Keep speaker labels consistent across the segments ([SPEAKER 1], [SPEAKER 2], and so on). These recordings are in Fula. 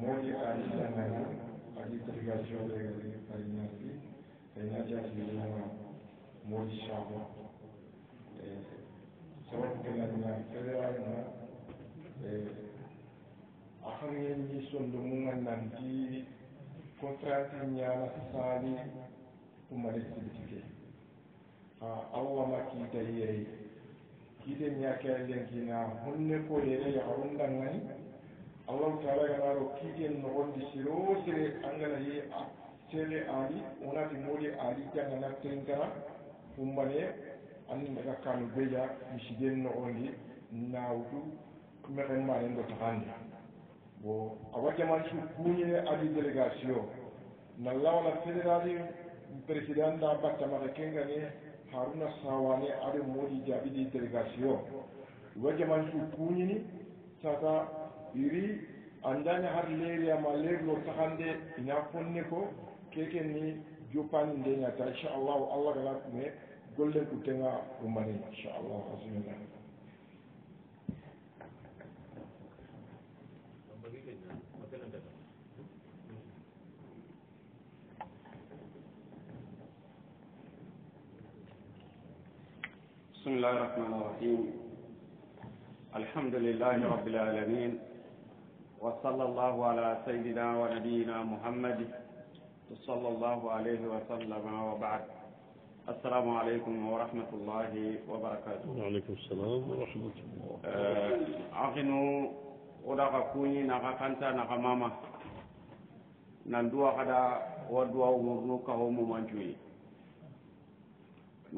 [SPEAKER 1] moƴi aisanana a litrigation aynati aynatiatiuma moƴi chambo
[SPEAKER 2] e eh, sababkenana fédéral na e eh,
[SPEAKER 1] axangeñi sondu mumen nan di contrati ñana sali umalestibitike a awwama kiita yeey kiite ñakeleng kina honne ko yere yaxa undangani allahu taala ganaro kiiɗen nogondi siro sere angana ye seele ali wonati ali aali jangana tenkana humbane anni daga kanu beja misiden nogondi nawdu mexen mbanen do taxandi bon awa jaman su kuñe adi délégation na lawala fédérali président da battamaxe kengane haruna sawane aɗo mooli jaabidi délégation iwa jaman su kuñini sata iri andani har leri ama lerlo sahande inafun ko keke ni jopani ndenya ta insha Allah Allah kala me golle kutenga umbani insha Allah azimina
[SPEAKER 3] بسم الله الرحمن الرحيم الحمد لله رب العالمين وصلى الله على سيدنا ونبينا محمد صلى الله عليه وسلم وبعد السلام عليكم ورحمة الله وبركاته
[SPEAKER 4] وعليكم السلام ورحمة الله
[SPEAKER 3] أغنو آه، ودغا كوني نغا كانتا نغا ماما نندوا غدا ودوا ومرنوكا هم منجوي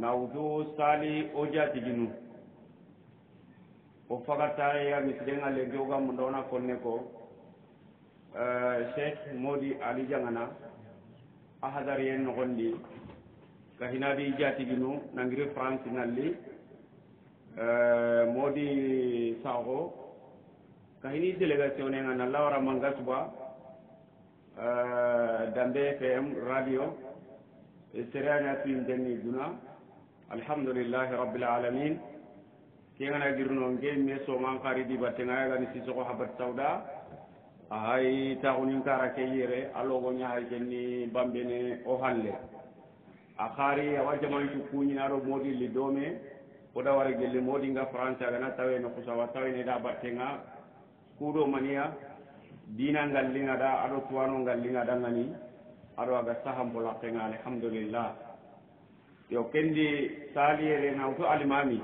[SPEAKER 3] nawutu سالي o jatiginu o fagataye ya misilenga lege oga sheikh eh, modi ali jangana a hadar yen noxondi ka hinadi jatiginu nangiri france nalli eh, modi saxo ka hini délégation ne nga na lawara manga suba eh, dambe fm radio e sereana suyim denni duna alhamdulillahi rabilalamin ke ngana girno nge me soma nkari di batte ngayagani sisoxo habat sauda ahay taxuninkara ke yere a logo ñahay ke ni bambene o hanle a xaari awa jamancu kuñinaro moodi li doome o dawara gelli moodinga france agana tawene xusawa tawene da battenga kuuɗo mania diina ngallinga da aɗo tuwano ngallinga dangani aɗo aga sahambolaqenga alhamdulillah yo kendi saliyere nawto alimami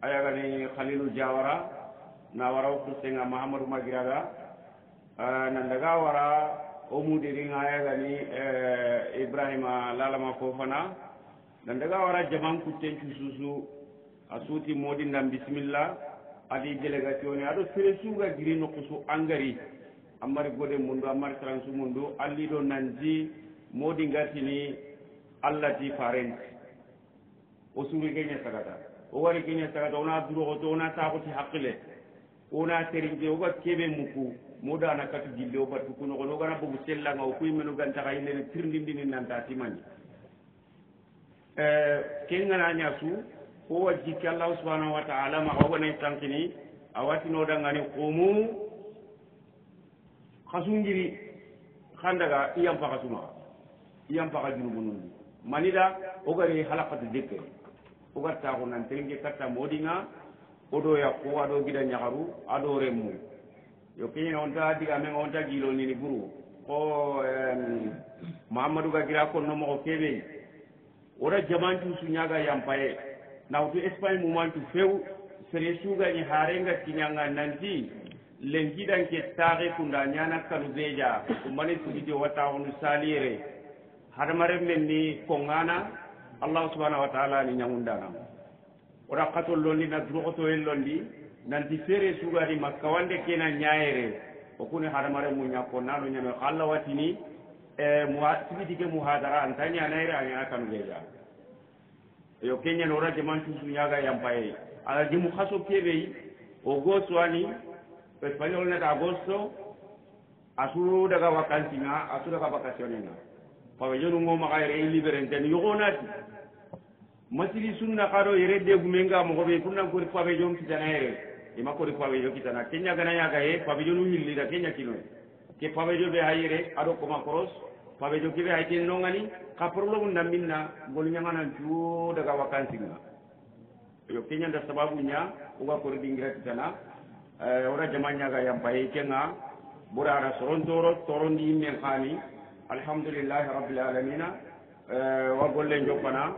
[SPEAKER 3] ayagani khalilu diawara nawara o xustenga mahamadou magiraga Eh, nandaga wara o muɗiringa yagani eh, ibrahima lalama fo fana nandaga wara jaman kutten cususu a suti moɗinɗan bisimilla adi délégation ni aɗo sere suga giri nokkusu engari amari goɗe mundu amari transu mundu alliɗo nandi moɗi gartini allah di farent o suri keña sagata o wari keña sagata wona duroxoto wona taxuti haqile wona serinte woga keɓe mukku mudana katu gille o batu kuno kono ogana bogu sellanga o kuy men ogantaka yinene pirdindini nanta timani eh, ke ganaña su ko wa jikki allahu subhanahu wa taala maxa oganay sankini a watinodangani xumu xasungiri xan daga iyanfaxa sumaxa iyanfaxa junubunundi manida ogari halakati dekkeri ogartaxu nan teringe katta moɗinga o doya ko aɗo giɗa ñaxaru aɗo remmu yo kiñina on ta diga men on ta gilo ni buru ko mahamadou ga gira konno mogo keɓey wota jamantu suñaga yampaye mu man tu few sere sugani harenga tiñanga nanti lenkiɗanke taxe kunda ñana kanu beja umane sugide wataxunu saliyere hadamaren men ni kongana allah subhanahu wa taala ni nyamundana ora xatol londi na duroxotoyen londi nanti fere sugadi ma kawande kena ñayere okune hadamare mu nyako nanu nyame halla watini e sigidike mu hadara antanya ñanayre a ñana kanu deja yo nora ora man tu nyaga yampaye ala mu khaso kebe o goso ani espagnol nata agosto asu daga wakanti na asu daga vacationne nga pawe jonu ngo libere yere yo gonati masiri sunna xaɗo yere degumenga moxoɓe pour ko pawe jom kitana yere imakori pawe yo kitana kenya gana ya gaye pawe yo nuhil lida kenya kino ke pawe yo be hayre aro koma koros pawe yo kibe hayte nongani. ngani ka problem na minna ngoli nyanga na ju daga wakansi nga yo kenya da sababu nya uga kori dingra kitana eh ora jamanya ga yang pae kenga bura ara soron toro toron di men khani alhamdulillah rabbil alamin eh wa golle jopana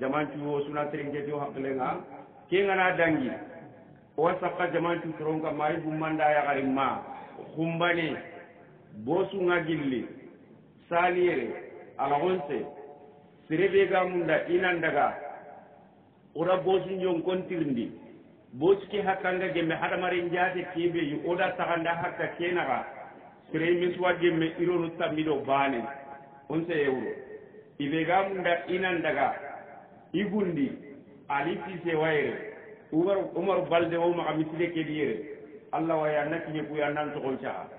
[SPEAKER 3] jamanchu sunatri ngeti ha kenga kenga na dangi wa sakka jaman cutoron ka maayi gummanda yakarin ma gumbane bosu ŋa gilli saliyere alagonse serebe gamunda inandaga wota bosunjon kontirindi bosu ke hakkanga gembe hadamaren jate kebeyi woda taganda hakka kenaga sere misuwa gembe ironu tambido bane onse yewuro ibe gamunda inandaga igundi ali fise wayere umar umaru balde o maxa misile kedi yere allah waya nakiñe kuya nan soxon caxa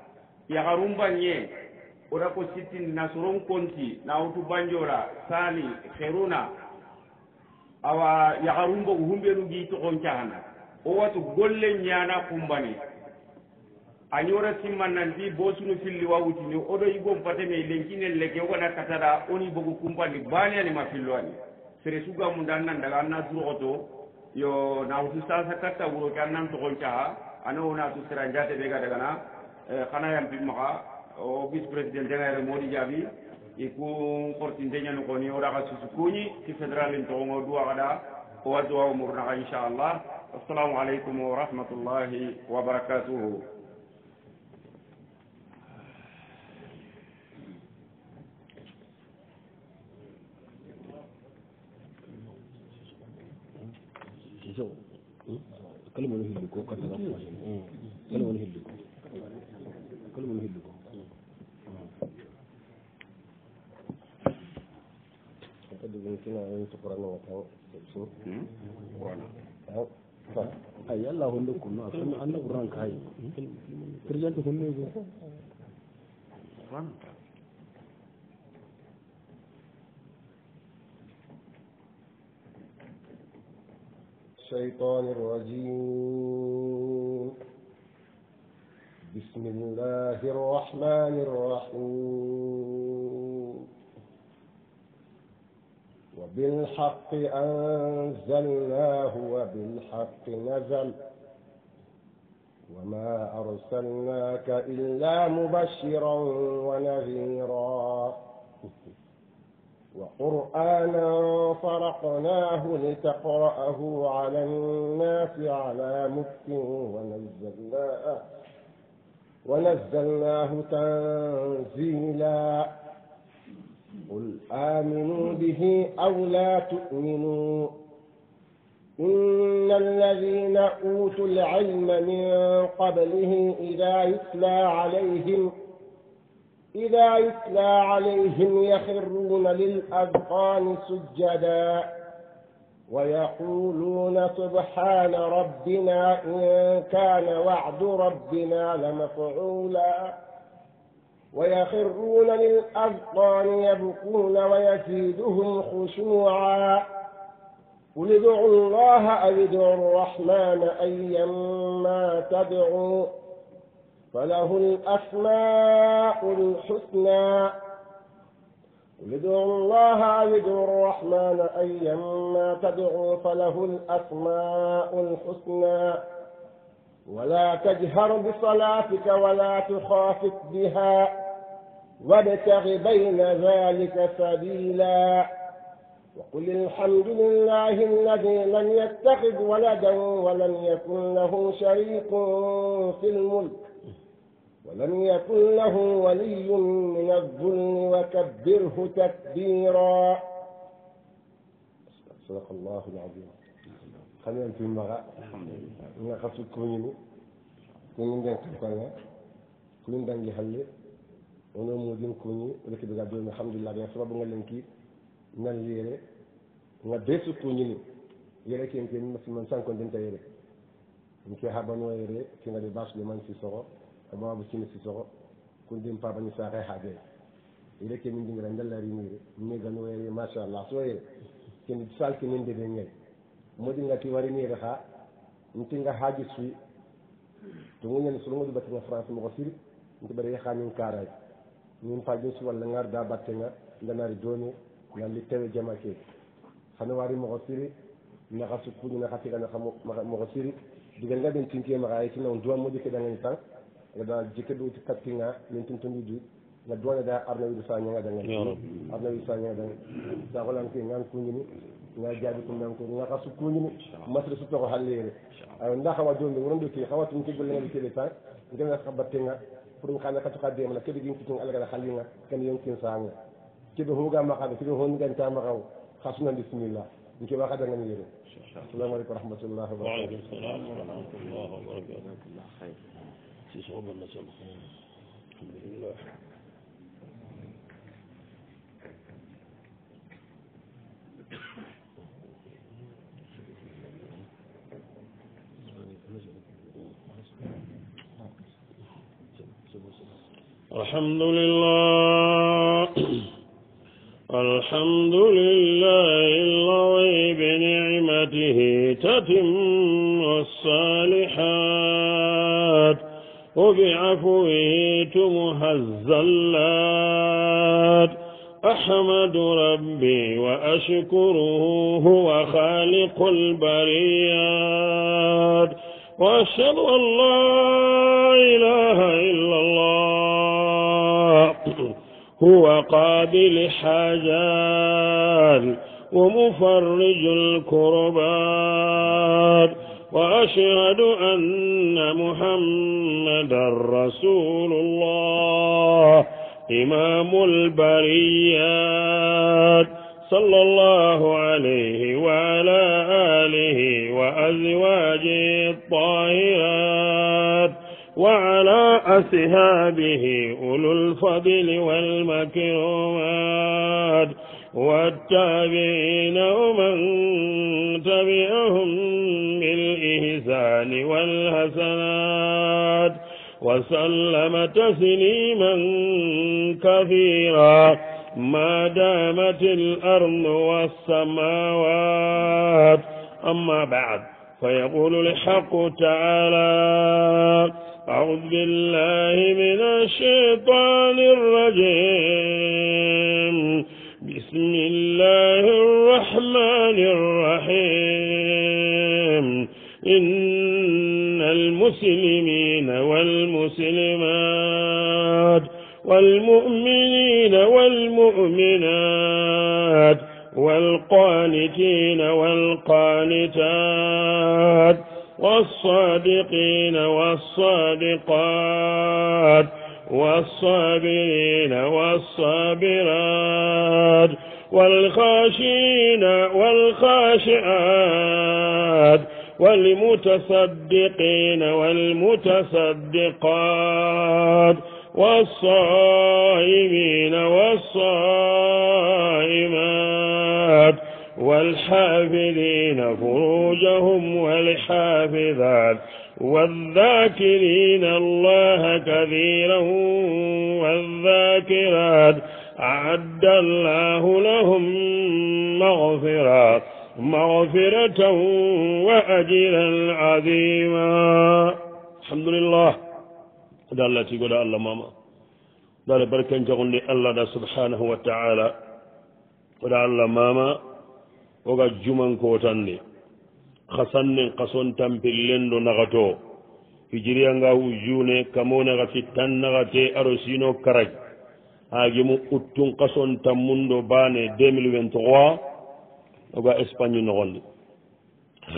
[SPEAKER 3] yaxarum bañe o dako sittin nasoron konti na wutu banjora sani xeruna awa yaxarumbogu humbenu gi toxon caxana o watu golle ñana kumbani a ñora simmannanti bo sunu filli wa wutini o ɗo yigon fateme lenkinen leke o gana katara oni bogu kumbandi baniani ma filluani sere sugamu ndan nan daga anna duroxoto yo nawtu sasa katta wuro ke annan togon caha ano natu sira jate ɓe ga dagana xana yampimaxa o vice président dengayre modi diaby iku kortinte ñani koni o ɗaxa susu kuñi ti fédéralin toxongo duwaxaɗa o wa duwa o murnaxa inchallah assalamu aleykum wa rahmatullahi wa barakatuhu
[SPEAKER 5] kɔrɔ wa taa so. a yi ala hundu kunu a fɛn an na kuran k'a ye.
[SPEAKER 4] president hundu ko.
[SPEAKER 5] الشيطان الرجيم بسم الله الرحمن الرحيم وبالحق أنزلناه وبالحق نزل وما أرسلناك إلا مبشرا ونذيرا وقرآنا فرقناه لتقرأه على الناس على مكت ونزلناه ونزلناه تنزيلا قل آمنوا به أو لا تؤمنوا إن الذين أوتوا العلم من قبله إذا يتلى عليهم إذا يتلى عليهم يخرون للأذقان سجدا ويقولون سبحان ربنا إن كان وعد ربنا لمفعولا ويخرون للأذقان يبكون ويزيدهم خشوعا قل ادعوا الله أو ادعوا الرحمن أيما تدعوا فله الأسماء الحسنى قل ادعوا الله أو ادعوا الرحمن أيما تدعوا فله الأسماء الحسنى ولا تجهر بصلاتك ولا تخافت بها وابتغ بين ذلك سبيلا وقل الحمد لله الذي لم يتخذ ولدا ولم يكن له شريك في الملك ولم يكن له ولي من الظلم وكبره تكبيرا صدق الله العظيم خلينا في المغاء من خصوص كوني كوني دان كوني دان جهلي wono moo jim ko ñi lekki bega jomi alhamdulillah ɓen sababu ngal len ki nan yeere nga be sukkuñini yere ken ke masimman sanko ndenta yere mi ke habano yere kengade basude man sisoxo a bababu sine sisoxo kun dim pabani saxe ha ɓee yere ke min dingira ndella rimire mi gano yere machallah so yere kene sal ke min deɓe ñay moƴinga ti warimire xa ntinga haji suwi to guñani solongoɗi batinga france moxo siri ntiɓare yaxanin karaje min paƴo si walla garda batte nga ndenari doni nalli tewe jama ke hano wari moxo siri naxa sukkuñi naxa tigana moxo siri digal nga den tinkie maxa ay sinaw duwa moƴo keɗangani tan nga da jikke ɗuti kattinga min tintondidi nga duwana da arnawidu sa ñanga dangani arnawidu sa ñanga dangani saxolanke ngan kuñini nga jaabi kumnanko naxa sukkuñini masre sutoxo halleere ayo ndaxawa jonde woronɗo ke xawatum ke gollengaɗi keɗe tan ngena batte nga pour mi xamne katu kadde mala kebe gin kitin algara halinga kan yonkin sanga kebe hoga makaɓe kebe hongan ta makaw hasuna bisimillah in keɓa kada ngani yeɗo assalamu aleykum rahmatullah
[SPEAKER 4] wabarakatuh
[SPEAKER 2] Thank you.
[SPEAKER 6] الحمد لله الحمد لله الله بنعمته تتم الصالحات وبعفوه تمه الزلات أحمد ربي وأشكره هو خالق البريات وأشهد أن لا إله إلا هو قاضي الحاجات ومفرج الكربات وأشهد أن محمدا رسول الله إمام البريات صلى الله عليه وعلى آله وأزواجه الطاهرات وعلى أسهابه أولو الفضل والمكرمات والتابعين ومن تبعهم بالإحسان والحسنات وسلم تسليما كثيرا ما دامت الأرض والسماوات أما بعد فيقول الحق تعالى أعوذ بالله من الشيطان الرجيم بسم الله الرحمن الرحيم إن المسلمين والمسلمات والمؤمنين والمؤمنات والقانتين والقانتات والصادقين والصادقات والصابرين والصابرات والخاشين والخاشعات والمتصدقين والمتصدقات والصائمين والصائمات والحافظين فروجهم والحافظات والذاكرين الله كثيرا والذاكرات أعد الله لهم مغفرة مغفرة وأجرا عظيما الحمد لله دالتي قد الله ماما دال بركة قل الله سبحانه وتعالى
[SPEAKER 4] قد الله ماما oga jumankootan ne xa sannen xa son tampillen do naxato hijiriyanga wujune kamone xa sittan naxate aro sino karag agimu uttun xa son tammun do bane 2023 oga espagne noxondi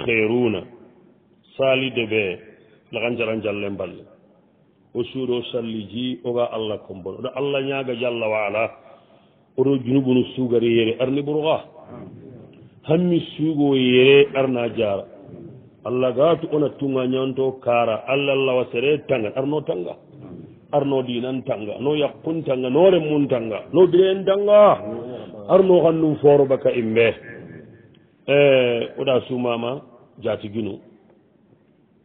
[SPEAKER 4] xeruna sali de be laxancaran jallen balle o suuro salliji oga allah kombono oɗo allah ñaga jalla wala oɗo junubunu sugari yere arni ɓuruxa hammi suugo yere arna jaara allah gaatu ona tuga ñanto kaara allah allah wa sere tanga arno tanga arno dinan tanga no yakkun tanga no rem mun tanga no bireen tanga arno xannum fooro baka imbe e oɗa sumama jatiginu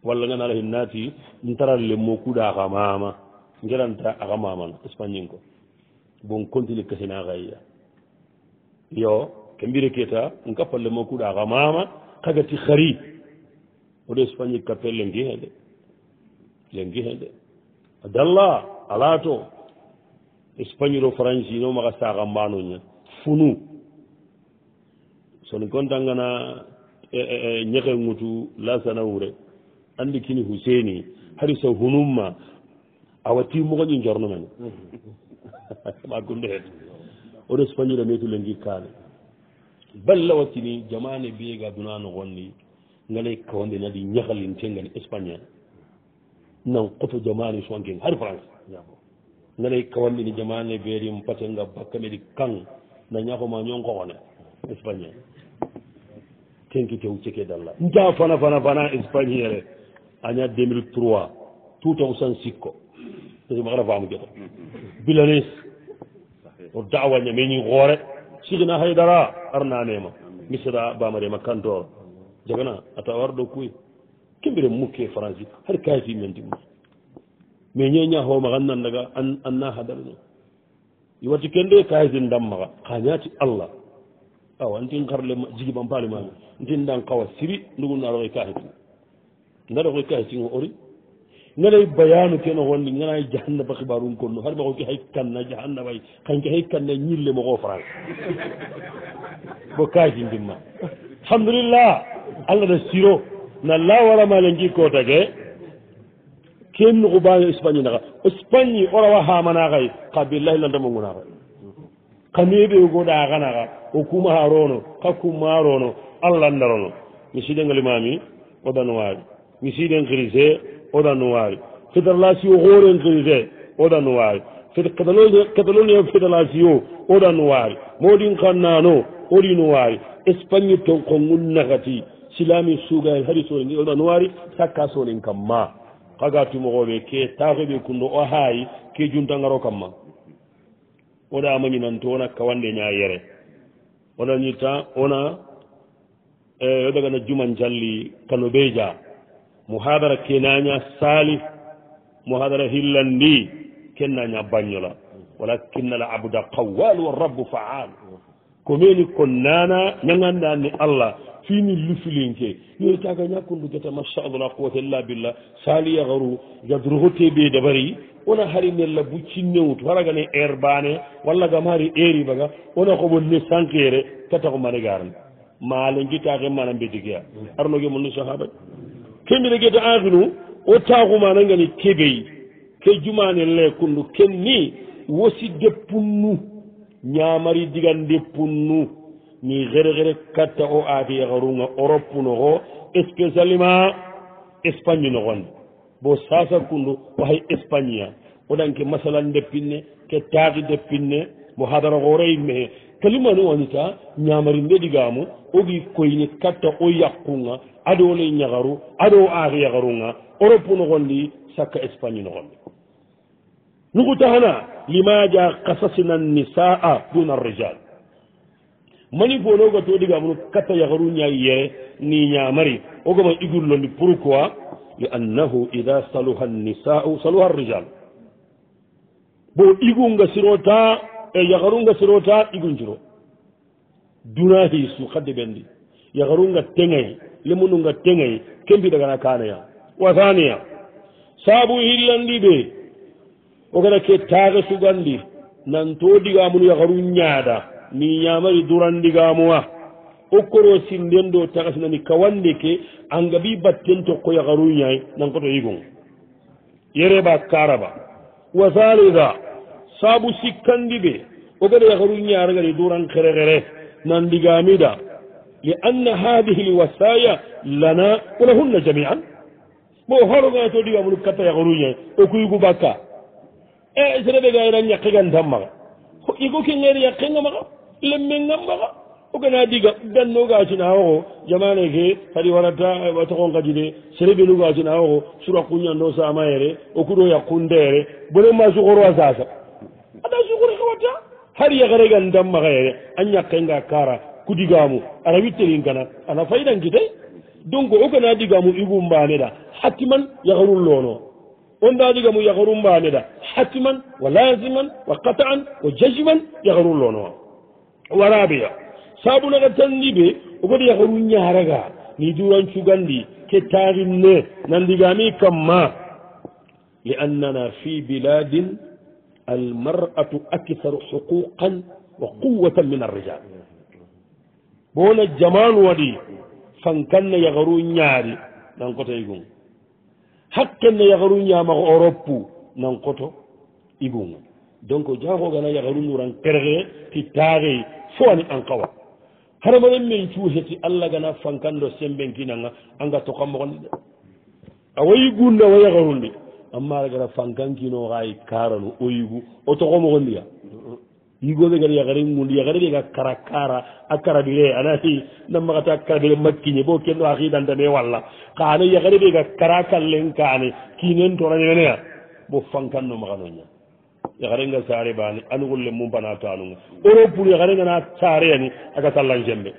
[SPEAKER 4] walla ngana ala hin naati n tara lemmo kuɗa axa mama ngeranta axa mamana espagnin ko bon continue kasinaxayya yo ke mbire keta ngappalle makuɗa ka mama kagati hari oɗo spagne kappelle gihede le gihede dalla ala to spagnol o franci no maga saka mbanoña funu soni gondangana ñehe e, e, gutu lasana wure andi kini huseni hari so hunumma awa timmogoƴi jornomen mm-hmm. ma gundehede oɗo spagnol a metu le gi kane ballawatini jamane beega dunanogonni ngalay kawnde nadi ñahalintengan espagnol nan koto jamane songen har france ngalay kawandini jamane beerim patenga bakka medi kan na ñahoma ñonkoxone espagnol kenki tew ceke dalla nja fana fana fana espagnole aña 2003 tout on san sikko maxara faamu joto
[SPEAKER 2] mm-hmm.
[SPEAKER 4] bilanis o dawaña meñi xoore signa haydara arnanema misira bamarema kantoro jagana ata warɗo kuy kimbire mukke franci har kaasi mendi ma mais ñeña homaa annan daga anna hadarno iwatti kende kaasi dammaka kañati allah awa ntin karlema jigibampalimami ntin dan kawa siri ndugunaroy kaahetin ndaɗa koy kaahetin o ori nelay bayanu keno wonde ganay jahannaba xibarum konno haɗ maxoke hay kanna jahannabay xanke hay kanna ñille moxo frang bo kaki ndimma alhamdulillah allah da siro na lawaramalengi kotage ken nuxu bano espagne naxa espagne o rawa xamana xay xa billahi landamogunaxa xameɓegoɗaxanaxa o kumaxa rono xa kuma rono allah narono mi siden alimami o danoari mi siden crise oɗanno waawi fédération horenkiri de oɗanno waawi catalonia fédération oɗanno waawi mawɗin kannano oɗino waawi espagne ton ko ngunnakati silami sugayel haɗi soolen gi oɗanno waawi sakka soolen kam ma kaga tumoxooɓe ke taxoɓe kunno o haayi ke juntangaro kam ma oɗa mañinanto wona kawande ñayere oɗañita wona e eh, o ɗagana juman calli kano ɓeja muhadara kenaña sali muhadara hillandi kennaña bagnola wala kinnala abda qawal wa rabu faal komini ko nana ñagandani allah fini lufilinke yoy taga ñakkundu gete machallah kotella billah saliya garu gadruho teɓe dabari ona harinella buccinnewut waragani air er bane walla gamari airi baga ona koɓo ne sankere kata ko manigarni malengui taki mana mbedigueya arnogemonni sahabaj kemire gete aakinu wo taakumana ngani kegey ke jumane lee kundu ken ni wosi deppunnu ñaamari digan deppunnu ni xere xere katta o aati yaxarunga europe noxo especialement espagne noxon bo sasa kundu waxay espagne a o danke masala deppin ne ke taaxi deppin ne mo hadara xooreyi maxe kalimanu wanita ñamarinde ɗigamu ogi koyni katta o yakkunga aɗo ley ñagaru aɗo aak yagarunga europe nogondi sakka espagne nogondi nugu tahana limaja kasasina nisaa duna rijal mani fono gato ɗigamunu katta yagaru ña yere ni ñamari ogama igurlondi pourquoi liannahu ida saluha nisau saluha rijal bo igunga sirota e yakarunga sirota ɗigunciro dunati su hadde ɓendi yakarunga tengay lemunuga tengay kembiɗagana kanaya wasaniya saabu hillandi ɓe okata kettake sugandi nanto digamunu yakaru ñaada ni ñamari durandigamuwa okkoro sinden ɗo takasinani kawande ke angabi batten tokko yakaru ñay nankoto yigon yereba karaba wasalida saabu sikkandi ɓe o gaɗa yahoru ñaaragaɗe duran xere xere nandigamida li anna hadihi lwasaya lana wala hunna jamian bo haroga to ɗigamunu katta yahoruña o kuygu bakka e sere ɓe gayra ñakkigantan maga igo kengeer yakkenga maga lemmengan maga o gana diga danno gasinawoxo jamane ke hadi warata watoxonkadide sereɓenugasinawoxo surakuñando samayere o kuɗo yakkundeere bone masukoroa sasa aɗa sukuri kawatta har yagaregan dammahayere a ñakkenga kara kudigamu ara wittelin kana ana faydankitey donc okana digamu igu mbaneɗa hattiman yagarun lono onda digamu yagaru mbaneɗa hattiman wa lasiman wa qataan wa jajiman yagarun lono waraɓeya sabunaga tandiɓe ogoɗa yagaru ñaraga ni duran cugandi ke taxinne nandigami kamma li annana fi biladin المرأة أكثر حقوقا وقوة من الرجال بون الجمال ودي فانكن يغرو نياري ننقطة إيقون حقن يغرو نياما أوروبو ننقطة إيقون دونك جانخو غانا يغرو نوران كرغي في تاغي فواني أنقوى هرما لمن فوهتي الله غانا فانكن دو سيمبين anga toka mbon awayi gunda waya garundi amma agara fankankino xaay karalu o yigu o toxomoxondiga yigoɓe gar yaxare gundi yaxare ɓega kara kara a karabire anai namaxata karabire makkiñe bo kenɗo axidantane walla xaana yaxare ɓega kara kallen kane kinen toranenenea bo fankanno maxanoña yaxarenga sare bani anuxulle mumpana tanunga europour yaxarengana sareani aga sallancembe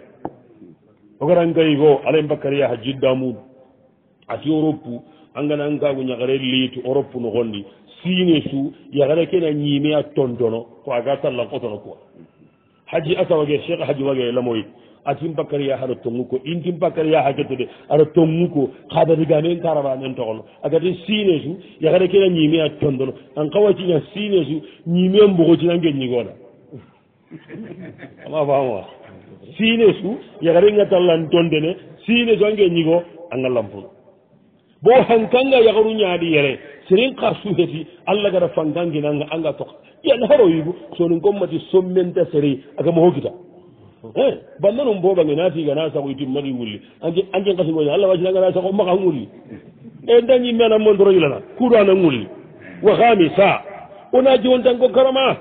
[SPEAKER 4] o garankayigo alaympakariyaha jiddamoudu ati europour angana ankagu ñakare liitu europe no gondi sine su yakare kena ñiime a tontono ko aga tallan otono quoi haji asa wage cheikh haji wage lamoyi atin bakary ya haɗa tonguko intin bakary ya haketude aɗa tonguko hadatigamen karaɓamen togono agati sine su yakare kena ñiime a tontono an kawatina sine su ñiime a mbogotina ngenñigoɗa ama famowa sine su yakare ga tallan tondene sine su a ngenñigo a ngallan funo bo hankanga yagaru ñaaɗi yere serin xar suheti allah gara fankanginanga anga toka yan haro yigu sonin commati sommenta seri aga mahogita e banna num boɓange na tigana sago itimmaɗi wulli anje ngasigoña allah wasinangana sago maxa wulli e dañimmena montoroilana kuɗana wulli wa hamisa wona jontango karama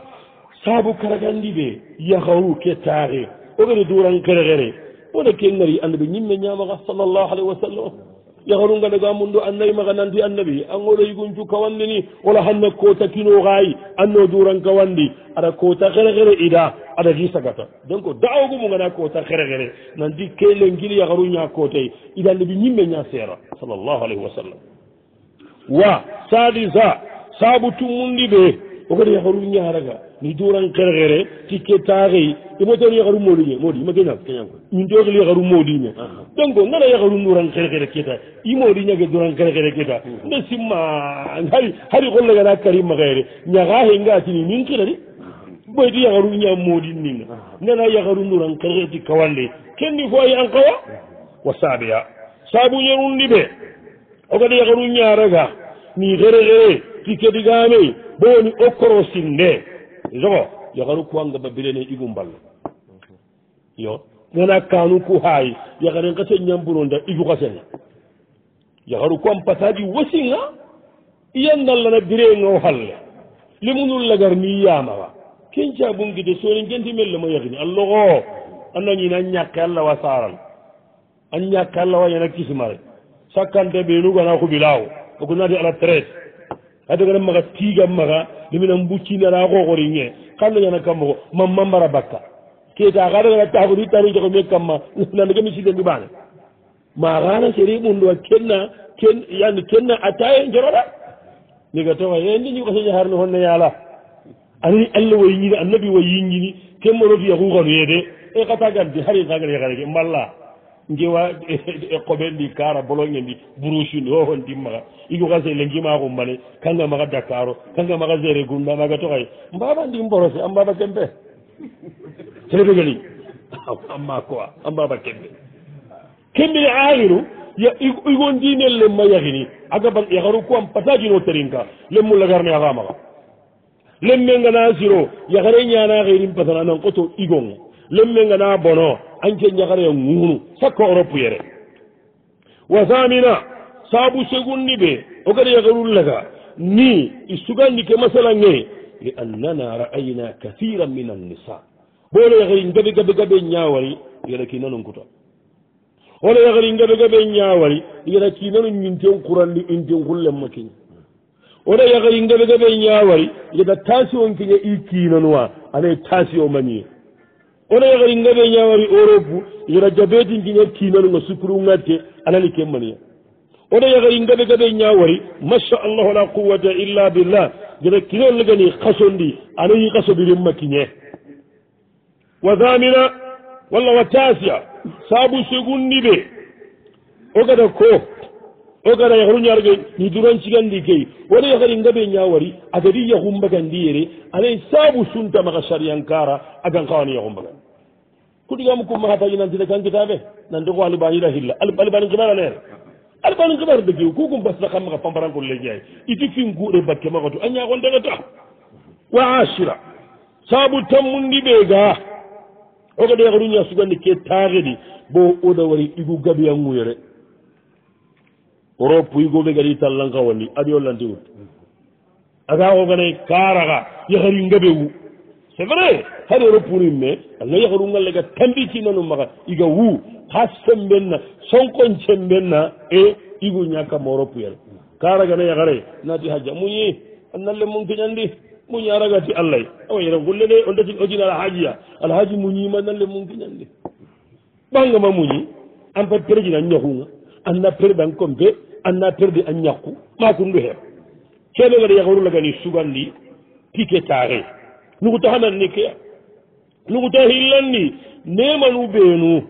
[SPEAKER 4] saabu karagandi ɓe yahawru ke taxe ogene duran kereere wona kengari andaɓe ñimme ñamaka sallllahu alayhi wa sallam yahoru ngane ga mundu annabi maga nanti annabi angoɗo yigun cu kawandini wala hanna kota kino gayi anno duran kawandi aɗa kota herehere ida aɗa gisagata donc daogumu gana kota herehere nanti kelengili yaharu ña kotey idanibi ñimme ña sera sallallahu alayhi wa sallam wa sadisa saabu tumundi ɓe ogoti yaharu ñaharaga ni duran kerkere tikke taxey imoteru yaharu moɗuñe moɗi ima geñal min dooxil yaharu moɗuñe donc ngana yaharu duran kerkere keta imoɗi ñage duran kerkere keta nde simma hari hari xollegana karima xeere ñaxa he ngatini min xirari ɓoyti yaharu ña moɗin ninga ngana yaharu duran kerkere ti kawande kenni fo ay an qawa wa saabiya saabuñonun ni ɓe ogoti yaharu ñaraga ni xere xere tikke digame bowoni o korosin nde jogo yogaru kuwanga ba bilene igum balle yo wona kanu ku haayi yagaren kase ñamburo nda igu kasene yagaru kuwan pasaji wasinga iyan nallana birengaw halle limunul lagar ni yamawa kenca bungide soni genti mellema yagini allogo annañina an ñakke allah wa saran an ñakke allah wa ñana kisimare sakkan de ɓenugana xubilawo ogunadi ala traite hadagana maga tiigan maga liminan buccinara kokoriñe kanno ñana kamma ko mammambara bakka keta kadagana tagoti tanujakome kamma nanagami sidengi bane magana seri ɓunɗowa kenna ken yani kenna attaye jorora miga towa endi ñi kosoña harno honno yaala anani allah wayiini annabi wayiñini kemmoroti yakukanuye de e kata gandi hari kagaa yakareke mballa njewa e qoɓen e ɗi kara bologe ndi brochin ɗi hohon dimmaa iguase le jimakumbane kanga maga dakaro kanga maga géré gunda maga to xaye mbaɓa ndi mborose a mbaɓa kembe sedegali amma quoi a mbaɓa kembe kembe ne aliru igo ndinel le mayaxini a gaban yaxaru quam patajino terinka le mulagarne axamaxa le mengana siro yaxare ñana xeerin pasana nan qoto igonga lemmengana bono anke ñagareya ŋuhunu sakka europe yere wasamina sabu segundi be o gada yagarun laga ni isugandi ke masalange liannana raayna kahira min annisa bole yagari gabe gabe gabe ñawari yeda kinanunkuta wala yagari gabe gabe ñawari yeda kinanu ñinten kurandi intin kullenma kiña wala yagari gabe gabe ñawari yeda tasio kiña i kinanuwa anay tasio mañie ona yagari ngabe ñawari europe yora jabedindine tinanuga sukuru ngadde anani ke maniya ona yagari ngabe gabe ñawari macha allah wala quwata illa billah gena kinol gani kasondi anayi kasobirin makiñe wa damina walla wa tasia sabu segundi ɓe o gada ko o gada yahru ñargey ni durancigandi key wona yahari ngabe ñawari agadi yahumbagandi yere anayi sabu sunta maga sariyankara agan kawani yahumbagandi kudi gam kum maxa tañi nantine kankita fe nante ko alibani da xilla alibani xibar a leer alibani xibar de giw ku kum basta xam maxa pambarankol le ñaay iti fin guɗe bakke maxatu a ñaaxon dega ta wa ashira saabu tammundi ɓega oga ɗe xaru ña sugandi ke taxini bo oda wari ɗigu gabiyanguyere roo puy gove gadi tallangkawandi aɗio lanti ut aga xoganay kaaraxa yaxari ngabewu c' est vrai hade ro pour imme anga yahorungallega tambitinanu maga iga wu ha sem benna sonkon cem benna e igu ñakka moro puyel kara gana yahare nati haja muñi annalle mum keñandi muñaragati allay awa yeren golle de on dati ojina alhajiya alhaji muñima nalle mum keñandi ɓangama muñi an pat perdine an ñakunga anna perdi an compe anna perdi an ñakku makundu hem keɓe gada yahorulagani sugandi pike taree nugu ta hananni ke nugu ta hillanni nemanu ɓeenu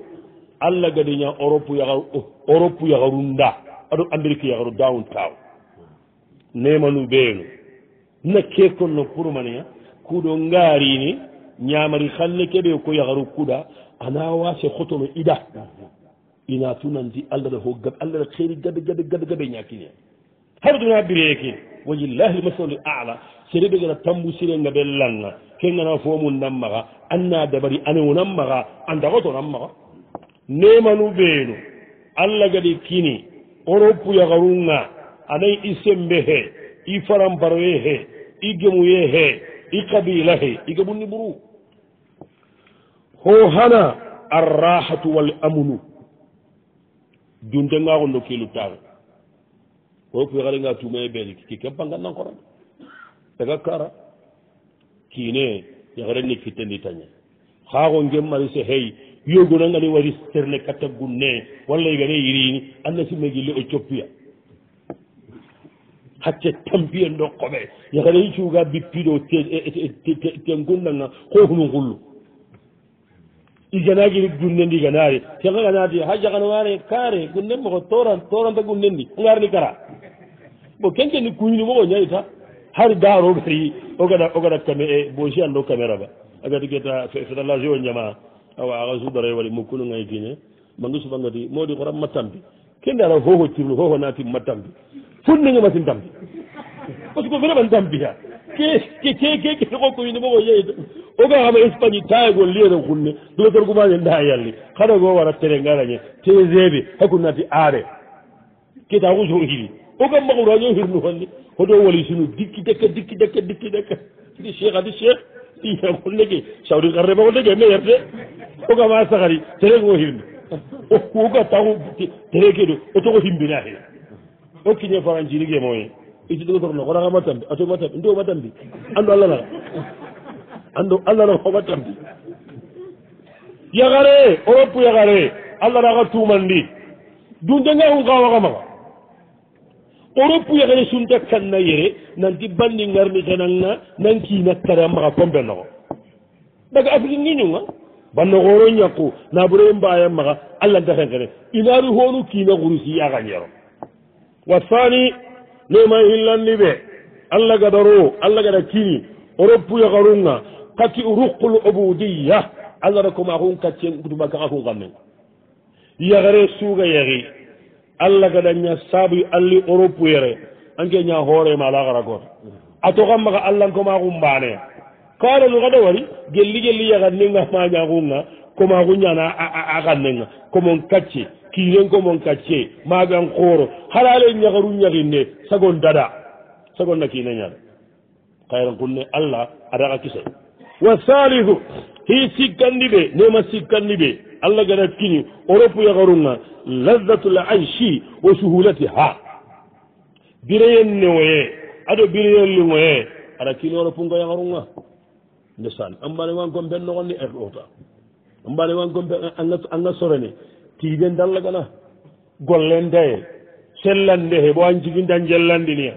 [SPEAKER 4] allah gadiña europe yaxaru europe yaxaru nda aɗo amérique yaxaru down town nemanu ɓeenu na ke konno pour manea kuɗo ngarini ñamari xanne keɓe ko yaxaru kuɗa ana wase xotono ida ina tunanti allah da fo gab allah da xeri gabe gabe gabe gabe ñakine haru duna bireekin wallahi lmasalu al ala sere ɓe gana tambusire nga ɓe langa kengana fomum nan maxa anna dabari anewo nan maxa andaxo to nan maxa nemanu ɓeenu allah gadi kini europe yaxarunga anayi i sembe he i faramparoye he i gemuye he i kabila he i gabunni buru ho hana arrahatu wal amunu duntengaxun no kilu taxe europe yaxarenga tumaye ɓeeni ki kempangannan korade ɓega kara kiine yagarenni kittendi tañe xaaxo ngemmari se hey yogunangani wari serne kattaggu ne walla yigane yirini anna si megille o coppiya hacce tampiye ɗo koɓe yagarei cuuga bippiɗo tengunnanga e, e, e, xoofunu xullu iganagiri gunnendi iganaari tengaganaati ha jaganware kaare gunne moxo toran toranta gunnendi ngarni kara bo kenkeni kuñini moxo ñayita har daaroo ɓari ogaɗa ogaɗa kame e boosi anndo caméra ba agati geta feta lage o ñama awa axa sudaray e waɗi mukkunungay kine mange suɓangati moɗi xora ma tampi kende ara hoho cirlu hoho naatim ma tampi funnenge matin tampi parce que vraiment tampiya kekekekekekokowine ɓoko yeyi o gaxama espagne taygol liere xunne dogatorgumaje nda yalli xaɗago wara terengarañe tgv hakkunati are ketaxu so xiri o gam maxuraño xirnu fonni hoɗo wali sinu dikki dekke dikki dekke dikki dekke ndi cheikh adi cheikh ɗiyamo ndege sawdi karre mako ndege me yerde ogama sahari terege o himbi okuga tawu terege ɗo o togo himbina he o kiñe farancinigue moye iti ɗogo sorno koɗaka mattambi ato mattambi ndi o mattambi andu allah naga andu allah naga o mattambi yakare europe yakare allah naga tumandi dun tenga hun kawaka maga ɓorop yahre sunta kanna yere nanti banndi ngarni tananna nankina kara maxa pompe noxo daga afiki ngiñunga banno xooro ñakku naabure mbaya maxa allanta xenkene inaaru hoonu kiina xurusi axañero wasani nema hillanni ɓe allah gadaro allah gada kini oropu yaxarunga kati ruqul obudiya allah rakoma xun kaccen kutuma kaxa kun xamen yaxere suuga yaxi allah gada ña saabuyu alli europe yere anke ña hoorema ala gara goto a toxammaxa allahnkomaxum mbaaneya ko alanu xa ɗowari gelli gelli yaxannenga mañaxunga komaxuñana a xannenga komon kacce kiinen komon kacce magan xooro xalale ñaxaru ñaxinne sagon dada sagon na kiine ñana xayran kunne allah adaxa kise wa salihu hi sikkandi ɓe nema sikkandi ɓee allah garat kini oropu yagarunga lazzatu laanshi wa suhulatiha bireyen newoye aɗo bireyen lingoye aɗa kini oropunga yagarunga ndesani ambane wankon ben nogonni erɗota ambane wankon be anga sorene tiiden dallah gana gollen daye sellan de he ɓo an jiguindan jellandiniya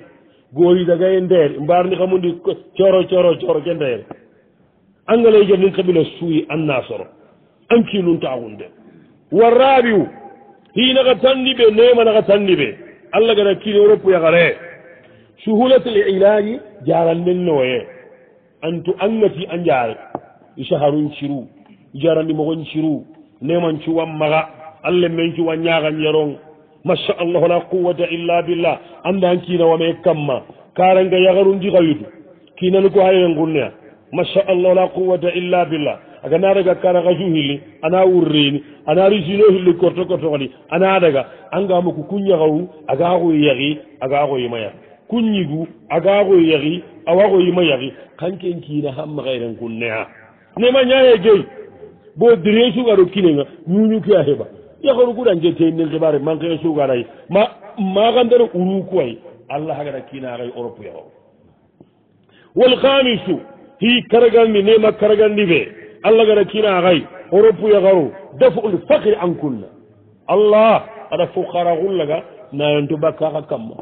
[SPEAKER 4] goori dagaye ndeer mbarni kamundi coro coro coro ke ndeyere engalaysjo e nin kabila suuyi annasoro anci luntaxunde wa rabiu hinaxa tanni ɓe nemanaxa tanni ɓe allah gana kini europe yaxare suhulat l ilaji jaranden noye antu angati a njar saharun ciru jarandi mogon ciru neman cuwan maxa allah men cuwa ñaxan yeron masha allahu la quwata illa billah andan kina wame kamma karanga yaxarundi xayutu kinanuko hayenen gunneya masha allahu la quwata illa billah aga na daga kara gaju hilli ana wurreni ana risino hilli korto kortoxoni ana daga angama ku kuñaxawu aga xoy yaxi aga xoyima yaxi kuñigu aga xoy yaxi awa xoyima yaxi xan ken kina xa maxeren kun neya nema ñaye gey bo dire sugaro kinenga ñuñuke a heɓa yaxoru kudan ke ten nen seɓare manqe sugaray ma maxandere uruukuway allah xagata kinaxay europe yaxo walxamisu hi karagandi nema karagandi fee allah gara kina xay horopuya xaru dafu ul fakiri an kunna allah aɗa fo xaraxullaga nayantu bakka xa kamma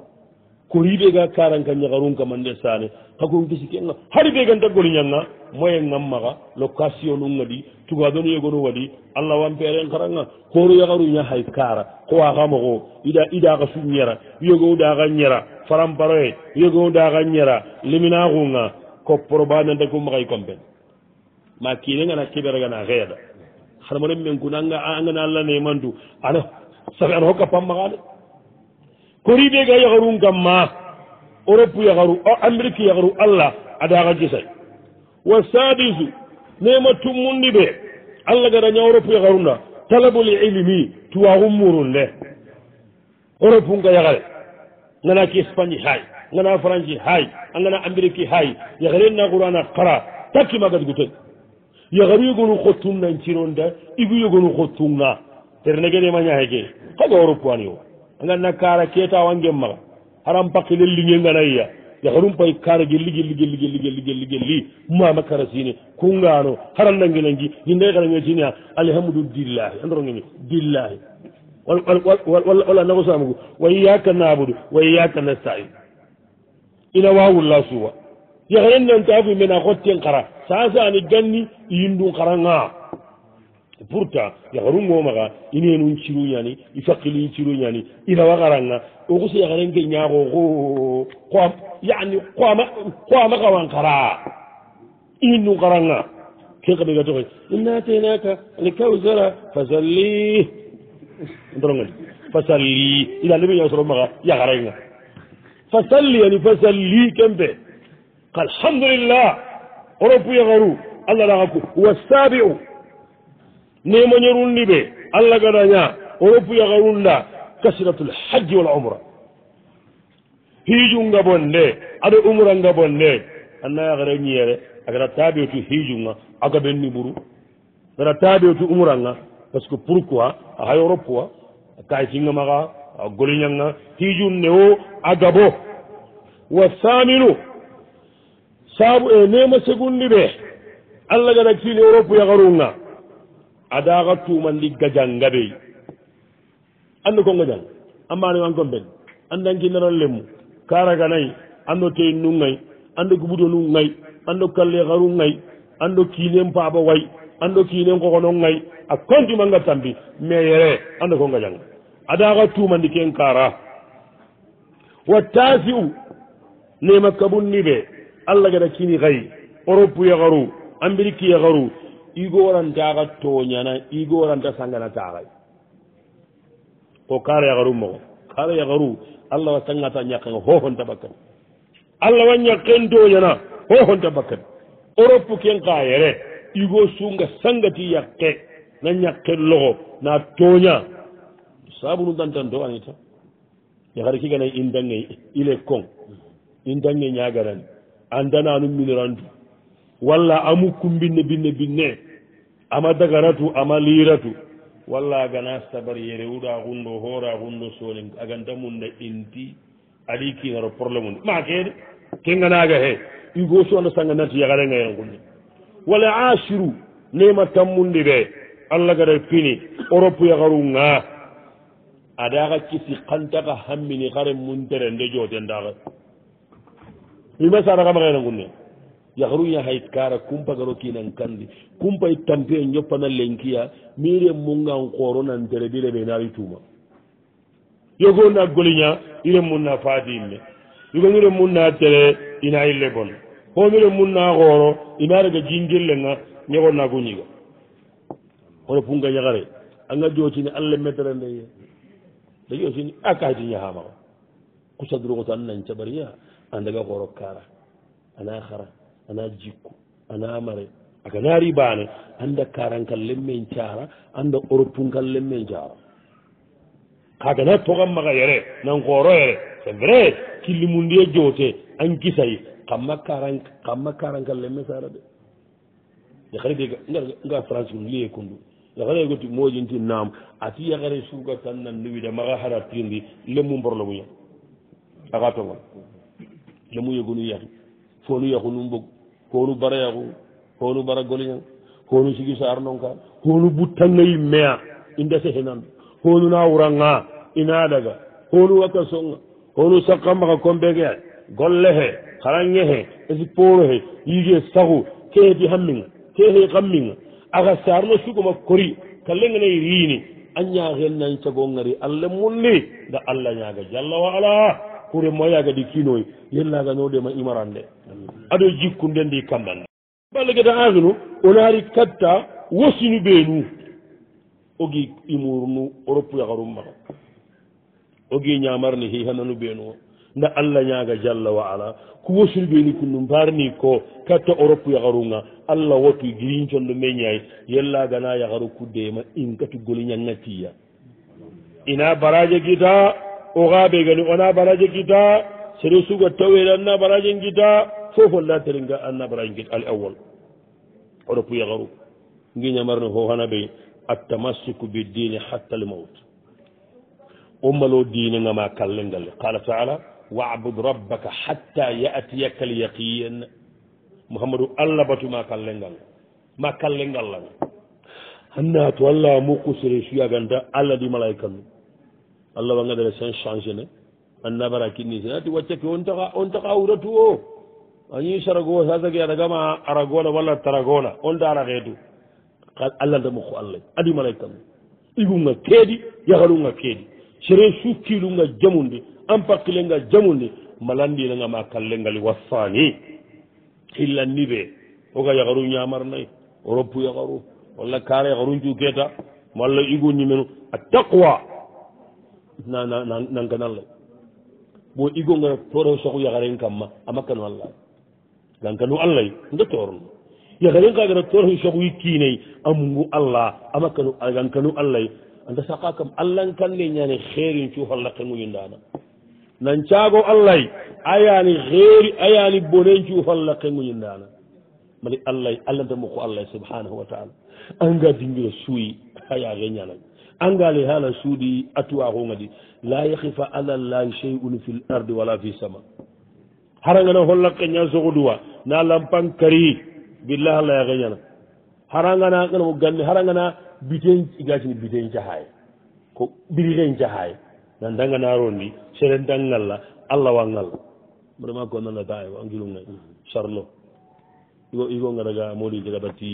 [SPEAKER 4] koriɓe ga karanka ñaxarun kama nde sane xakun kisi kenga har ɓe ganta golñanga moye ngam maxa location nun ga di tugaɓeno yegonu waɗi allah wanpeeren xaranga koro yaxaru ñahay kara xowa xa moxo ida idaxa su ñera yegou daxa ñera faramparoye yegou daxa ñera limina xunga ko probanenta ku maxay compene ma kiine ngana keɓera gana xeeɗa xan mo ren men kun anga angana alla nemandu ana saxe an hokka pammaxaade kori ɓeega yaxaru ngam ma europe yaxaru amérique yaxaru allah a daaxa gisay wa sadisu nema tummundi ɓe allah gara ña europe yaxarunda talabul ilmi tuwaxu murun de europe nga yaxare ngana ki espagne hay ngana france hay angana amérique hay yaxare na xurana xara takki magadgu ten yagaru yegonu xottun nan cinon da ibu yegonu xottun na tere nege de mañahege xaga woropuwani wa a ngan na kara keta wangen maga haran pakile linge nganaya yagarum pay kara ge ligi ligi ligi ligi ligi ligi li ma makara sine kungano haran nangi nangi ni ndey xara ngi sine alhamdulillah andro ngi billahi wal wal wal wal wal nago samugo wa iyyaka na'budu wa iyyaka nasta'in ina wa'ullahu suwa yahren nantaafi mena xotten xara sase ani ganni yindun xara nga pourtant yaharungomaxa inenun ciruñani i fakilin ciruñani irawa xaranga oxusa yaharenke ñaxoxo yani xoama xawan xara inindun xaranga ke xaɓegatoxe innatenaka likausara fasalli ntorogadi fasalli ilandeɓe ñasoromaxa yaxarenga fasalli ani fasalli kempe qa alhamdulillah oropu yagaru allah dagaku wasabiu nemoñerundi ɓe allah gadaña oropu yagarunda kasiratu lhaji walumra hijunga bonde aɗa umranga bonde anna yagara ñere agata tabiotu hijunga aga benni ɓuru gata tabiotu umranga par ce que pour quoi ahay oropu wa kaysinga maga a goliñanga hijunne o agabo wasaminu saabu e nema segundi ɓe allah gada kiini europe yakarunga adaaka tumandi gajanga ɓey anndu konga jang ammani wanko mben anndan kinnanon lemmu karaga nayi anndo teyin nun gay anndo gubudo nun gay anndo kalle karun gay anndo kiinen paaba way anndo kiinen kokonon gay a kontumanga tambi mais yere anndo konga jang adaaka tumandi ken kara wa tasiu nema kabunni ɓee allah gada kini xay europe yaxaru amérique yaxaru igorantaxa toñana igoranta sanganataxay ko kara yaxaru moxo kara yaxaru allah wa sangata ñaken hohonta bakkan allah wa ñaken toñana hohonta bakkan europe ken xa yere igo sunga sangati yaqe na ñaken loxo na toña sabunu dantan do anita yaxari kigana indange il est con indange ñaganani andananum min randu walla amukkum binne binne binne ama dagaratu ama liratu walla agana sabar yere wuɗa hunɗo hoora hunɗo soni agandamum na inti aɗi kinaro probléme ni ma kede kenganaga he ugo sona sanga nati yagarenga hen gonni wala ashiru nema tammundi ɓe allah gada fini europe yagaru ga aɗaga kisi kantaka hammini hare muntere nde jooten daga mima sadakamaxena ngunne yahruya hay kara kumpagaro kinan kandi kumpay tampiye ñoppana lenkiya mire mungan xoro nan tere dire ɓe naari tuma yogo na goliña iren mun na fadiinne yogon iren mun na tere ina ille bon homiren mun na xooro ina rega jingirlenga ñegon na guñiga ono punga ñaxare anga jootini allah metere ndeye da jootini a kaati ñahamaxa kusadurogota an nancabariya andaga horo kara ana hara ana jikku ana mare aganari bane anda karan kallemmen cara anda oropun kallemmen jara kagana togan maga yere nan horo yere c'est vrai killimundiye jote an kisay kamma karan kamma karan kallemme sara de ya khari de nga france ni liye kundu ya khari goti mojinti nam ati ya khari suga tan nan nuwida maga hara tindi lemmu borlo muya aga tongal lamu yogu nu yaki fonu yaku num bogu honu bara yaku honu bara goliñan honu sigi sa arnonka honu buttangayi meya indese henandu honu na wuranga ina daga honu wakka soga honu sakka maka kombege a gollehe haranyehe esi porohe yige sahu keheti hamminga kehe kamminga aga sa arno sugoma kori kallengenayi riini a ñaahen nan cagongari allah munni nda allah ñaaga jalla wa ala hure moyaga ɗi kinoyi yellaga nowɗema imaran nde aɗo jikku nden ndi kamɓal nde balle gueda anunu ona ari katta wosinu ɓeenu ogi imuru nu o roppu yakarum maka ogi ñamarni hi hananu ɓeenu o nde allah ñaga jalla wa ala ko wosinu ɓeeni kunnu mbarni ko katta o roppu yakarunga allah wattu girincondo meñayi yellagana yakaru kuddeema in katu goli ñangatiya ina baraje guita oxaɓe gani ona baraje kita sere suga tawere anna baraje gita fofo latarenga anna baraje al awal oɗo puyaxaru guiñamarni ho hana ɓe atamassiku bi dine hatta lmaut o malo dinenga ma kallengalle qala taala wabud rabbaka hatta yatiyaka lyaqin mouhamadou allah batu ma kallengal ma kallengallan hannatu allah mukku sere suyaganta allah di malaykanu allah wangadere sen change ne an nabara kinni sen ati waccake on taka on taka wuratu o añi sarago o sasake adagama aragola walla taragola on dara xeetu allahdamoko allah adi malaykam igunga keedi yahalunga keedi sere sukkiilunga jamundi an pakkilenga jamundi malandinangama kallengali wassani hillanni ɓe oga yaharu ñamar nayi roppu yaharu walla kara yaharu cuketa walla igu ñimenu a taqwa na na nanganalla bo igonga toro soku yakaren kamma amakkano allah gankanu allah nga torno yakaren ka gana toro soku yikkinei amungu allah amakkanu gankanu allah anda saka kam allah kanne ñani xeerin cu holla kenguyundana nan cago allah ayani xeeri ayani bonen cu holla kenguyundana mali allah allah ndamuko allah subhanahu wa taala anga dingira suyi ayage ñanai angale haala suudi atuwaxunga ɗi la yahifa ala llahi chey un fi l ardi wala fi sama harangana holla keñan sogoduwa na lampan kari billah alla yaxeñana harangana ganamo ganne harangana biten igacini biten cahaye ko birixen cahaye nandanganarondi serentan ngalla allah wa ngalla vraiment ko nana ta yo angilunga sarlo igo igo ngaraga modi jegatati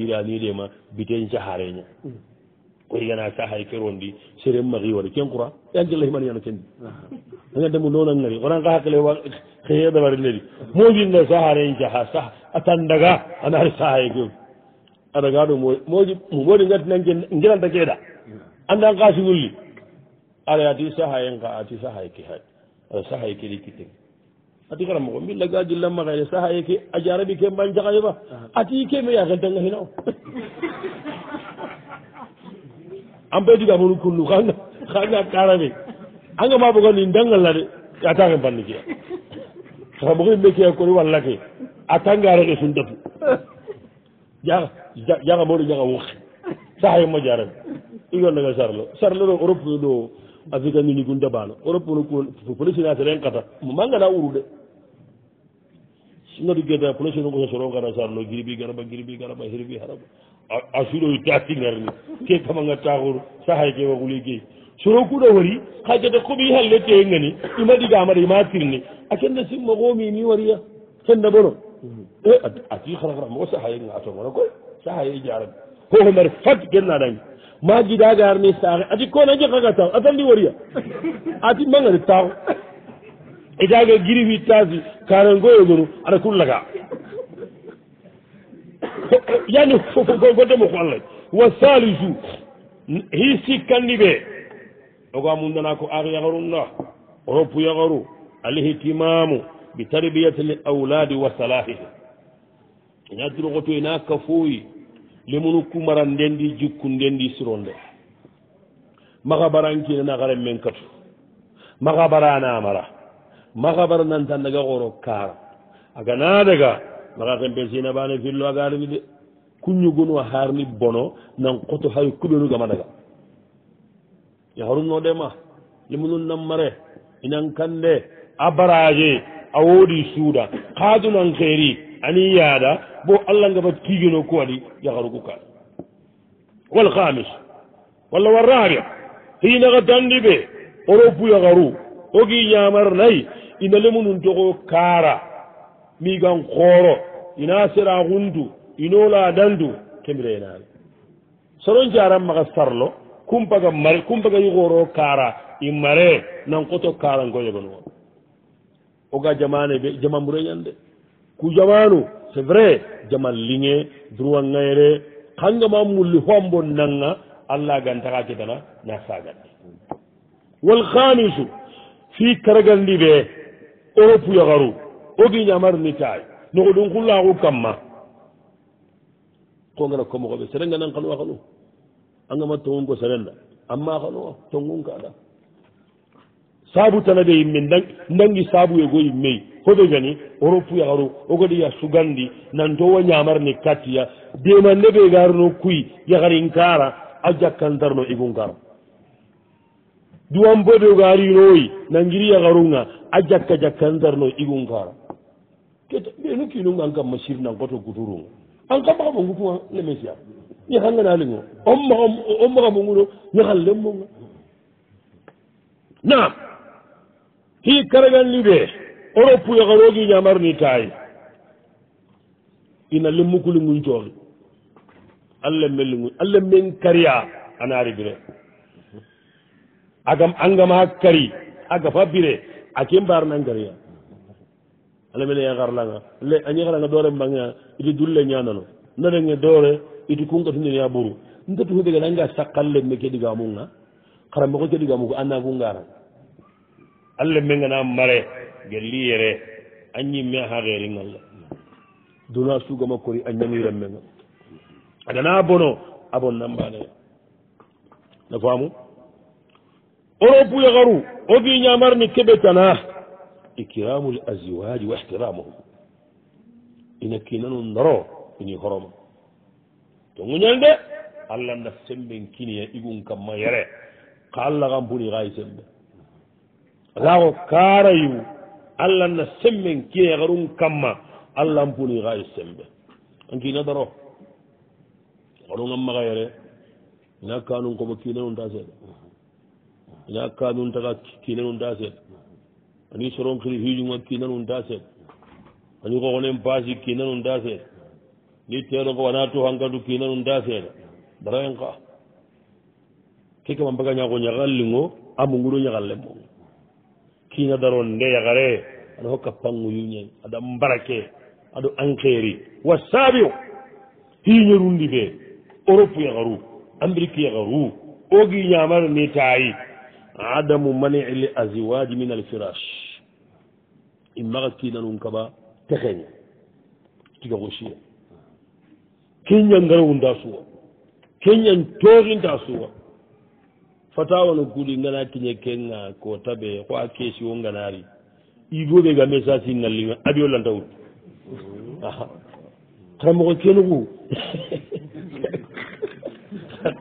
[SPEAKER 4] irani de ma biten cahareña ko yana saha keron ndi sérin mari wade kenkoura yaggillahi man yana kendi a gandemo nonan ngari onan ka hakkile heedawari nedi mojinde saharen jaha saha atan daga anaari saha keu adaga ɗo moji moɗi gatina guilanta keeɗa andan ka sigulli ala ati saha en ka ati saha ke ha aɗa saha keɗi kitten ati karamma ko mbilla ga dilla maka ene saha ke a jarabi ke mban jakaye ba ati kemi yakentanga hina o an ɓeyduga honu kullu kaga kaga karane anga ma ɓogani dangalla de atake banniki saka ɓogoni ɓekiya kori wallake atangareke sundatu jaa jaga moɗo jaga wokki sahayimma jarani igonaga sarlo sarlo ɗo europe ɗo africa nini kun dabano europe no ku police na seren kata mangana uru de sinoɗu geda police no ko sosoron gana sarlo giribi garaba giribi garaba hirbi haraba a suɗoyi tati garni ke kama gattakoru sahay ke wagule gey soro kuɗo wari hajata koɓi halle te gani ima ɗigamaɗa ima sirni a kenda simma komini wariya kenda ɓono e ati hanakara mogo sahaye gatogono koy sahaye jarani koko mbare fat gennaɗani ma jiɗa garni saaxe ati kona jekaga taw atandi wariya ati mangani taxo e taga girifi tasi kanan goyogonu aɗa kullaga yani ko demo ko allah wa salisu hisi kanniɓe ogo amundana ko ar yahrullah roppu yahru alihtimamu bi tarbiyati l auladi wa salahihim ñatiro ko toyna ka fooyi lemunu kumara ndendi jikku ndendi sironde maha barankinana haren men katu maha bara namara maha bara nantannaga koro kara aga na daga maka kempe sina bane fillo a garini de kuñugun wa harni bono nan koto hay kuɓenu gamadaga yahrunno ɗema limunun nammare inan kande a barage a woodi suuda kaadunan keeri ani yaada bo allah ngabat kiigino ku adi yahru ku kaa walhamis walla warrabia hinaka dandi ɓe oro buyakaru ogi ñamar nayi ina lemunun togo kaara miigan kooro ina seraa hundu inoolaa dandu kemireenaani soron jaaran maga sarlo kumpaga mare kumpaga yigooro kaara i mare nan koto kaarango yegonoo oga jamane be jaman mureñande ku jamanu c' est vrai jaman liŋe durwangayere kangama mulli hombo naŋa allah gantaka kitana na sagandi wal hamisu fi karagandi ɓe europe yagaru ogiñamarnitaay noxo ɗum xullaaxu kam ma kongana komoxoɓe serenganan xanuwa xanu angama togun ko serenna amma xanuwa togun kaada saabu tanade yimme ndangi saabu yego yimmey fobe gani oro puyaxaru o goɗiya sugandi nanto wa ñamarni kattiya demande ɓe garuno kuy yaxarin kara a jakkantarno igun kara duwan boɗo garinoyi nangiri yaxarunga a jakka jakkantarno igun kara keta ɓenu kinunga an kamma sir nangoto gutorungo an kam maxa ɓongutunga lemesia ñahangana lengo on maxa ɓonguno ñahan lemmonga nam xi karaganli ɓe europe yaxarogi ñamarni taye ina lemmukulingun cooxi a lemmelingu a lemmen karya ana ribire agam angama kari agafa bire a ke mbarnangariya alamene yaharlanga le a ñaharanga doore mbanga iti dulle ñanano narenge doore iti kunkatundene yaburu ntatu hudega nanga sakkallemme keɗigamunga karamba ko keɗigamu ko annagungara allemmengana mare gelli yere a ñimme haxeringalla duna sugama kori a ñamiranmenga agana bono a bon nambane na faamu oro puyaharu o fi ñamarni keɓe tana ikiramu l aswaji wa ihtiramuhum ina kina nu ndoro ini horoma to ŋuñalde allah na sembe kiniya igun kamma yere ka allah kan puni kayi sembe lako karayu allah na sembe kiniya karun kamma allah n puni kayi sembe an kina doro karun an maka yere ina kanun kobo kina nun ta seeda ina kanun taka kina nun ta seeda ani soron kiri hijuma ki nanun da set ani kokonen basi ki nanun da set ni teno ko wana to hankadu ki nanun da set daraen ka keke man baga nyako nyagal lingo amu nguro nyagal lemmo ki na daron nde yagare ado hokka pangu yunye ada mbarake ado ankeri wasabio hiñerundi fe europe yagaru amérique yagaru ogi ñamar ni tayi adamu mani'i li azwaji min alfirage imaga kinanun kaba tekeña tiga hosiya kenya ngarawunda suwa kenya toginta suwa fatawano kuli ngana kiña kenga ko tabe ko a kesi wo nganari idoɓe ga message ngallime abio lanta wut karamoko kenuku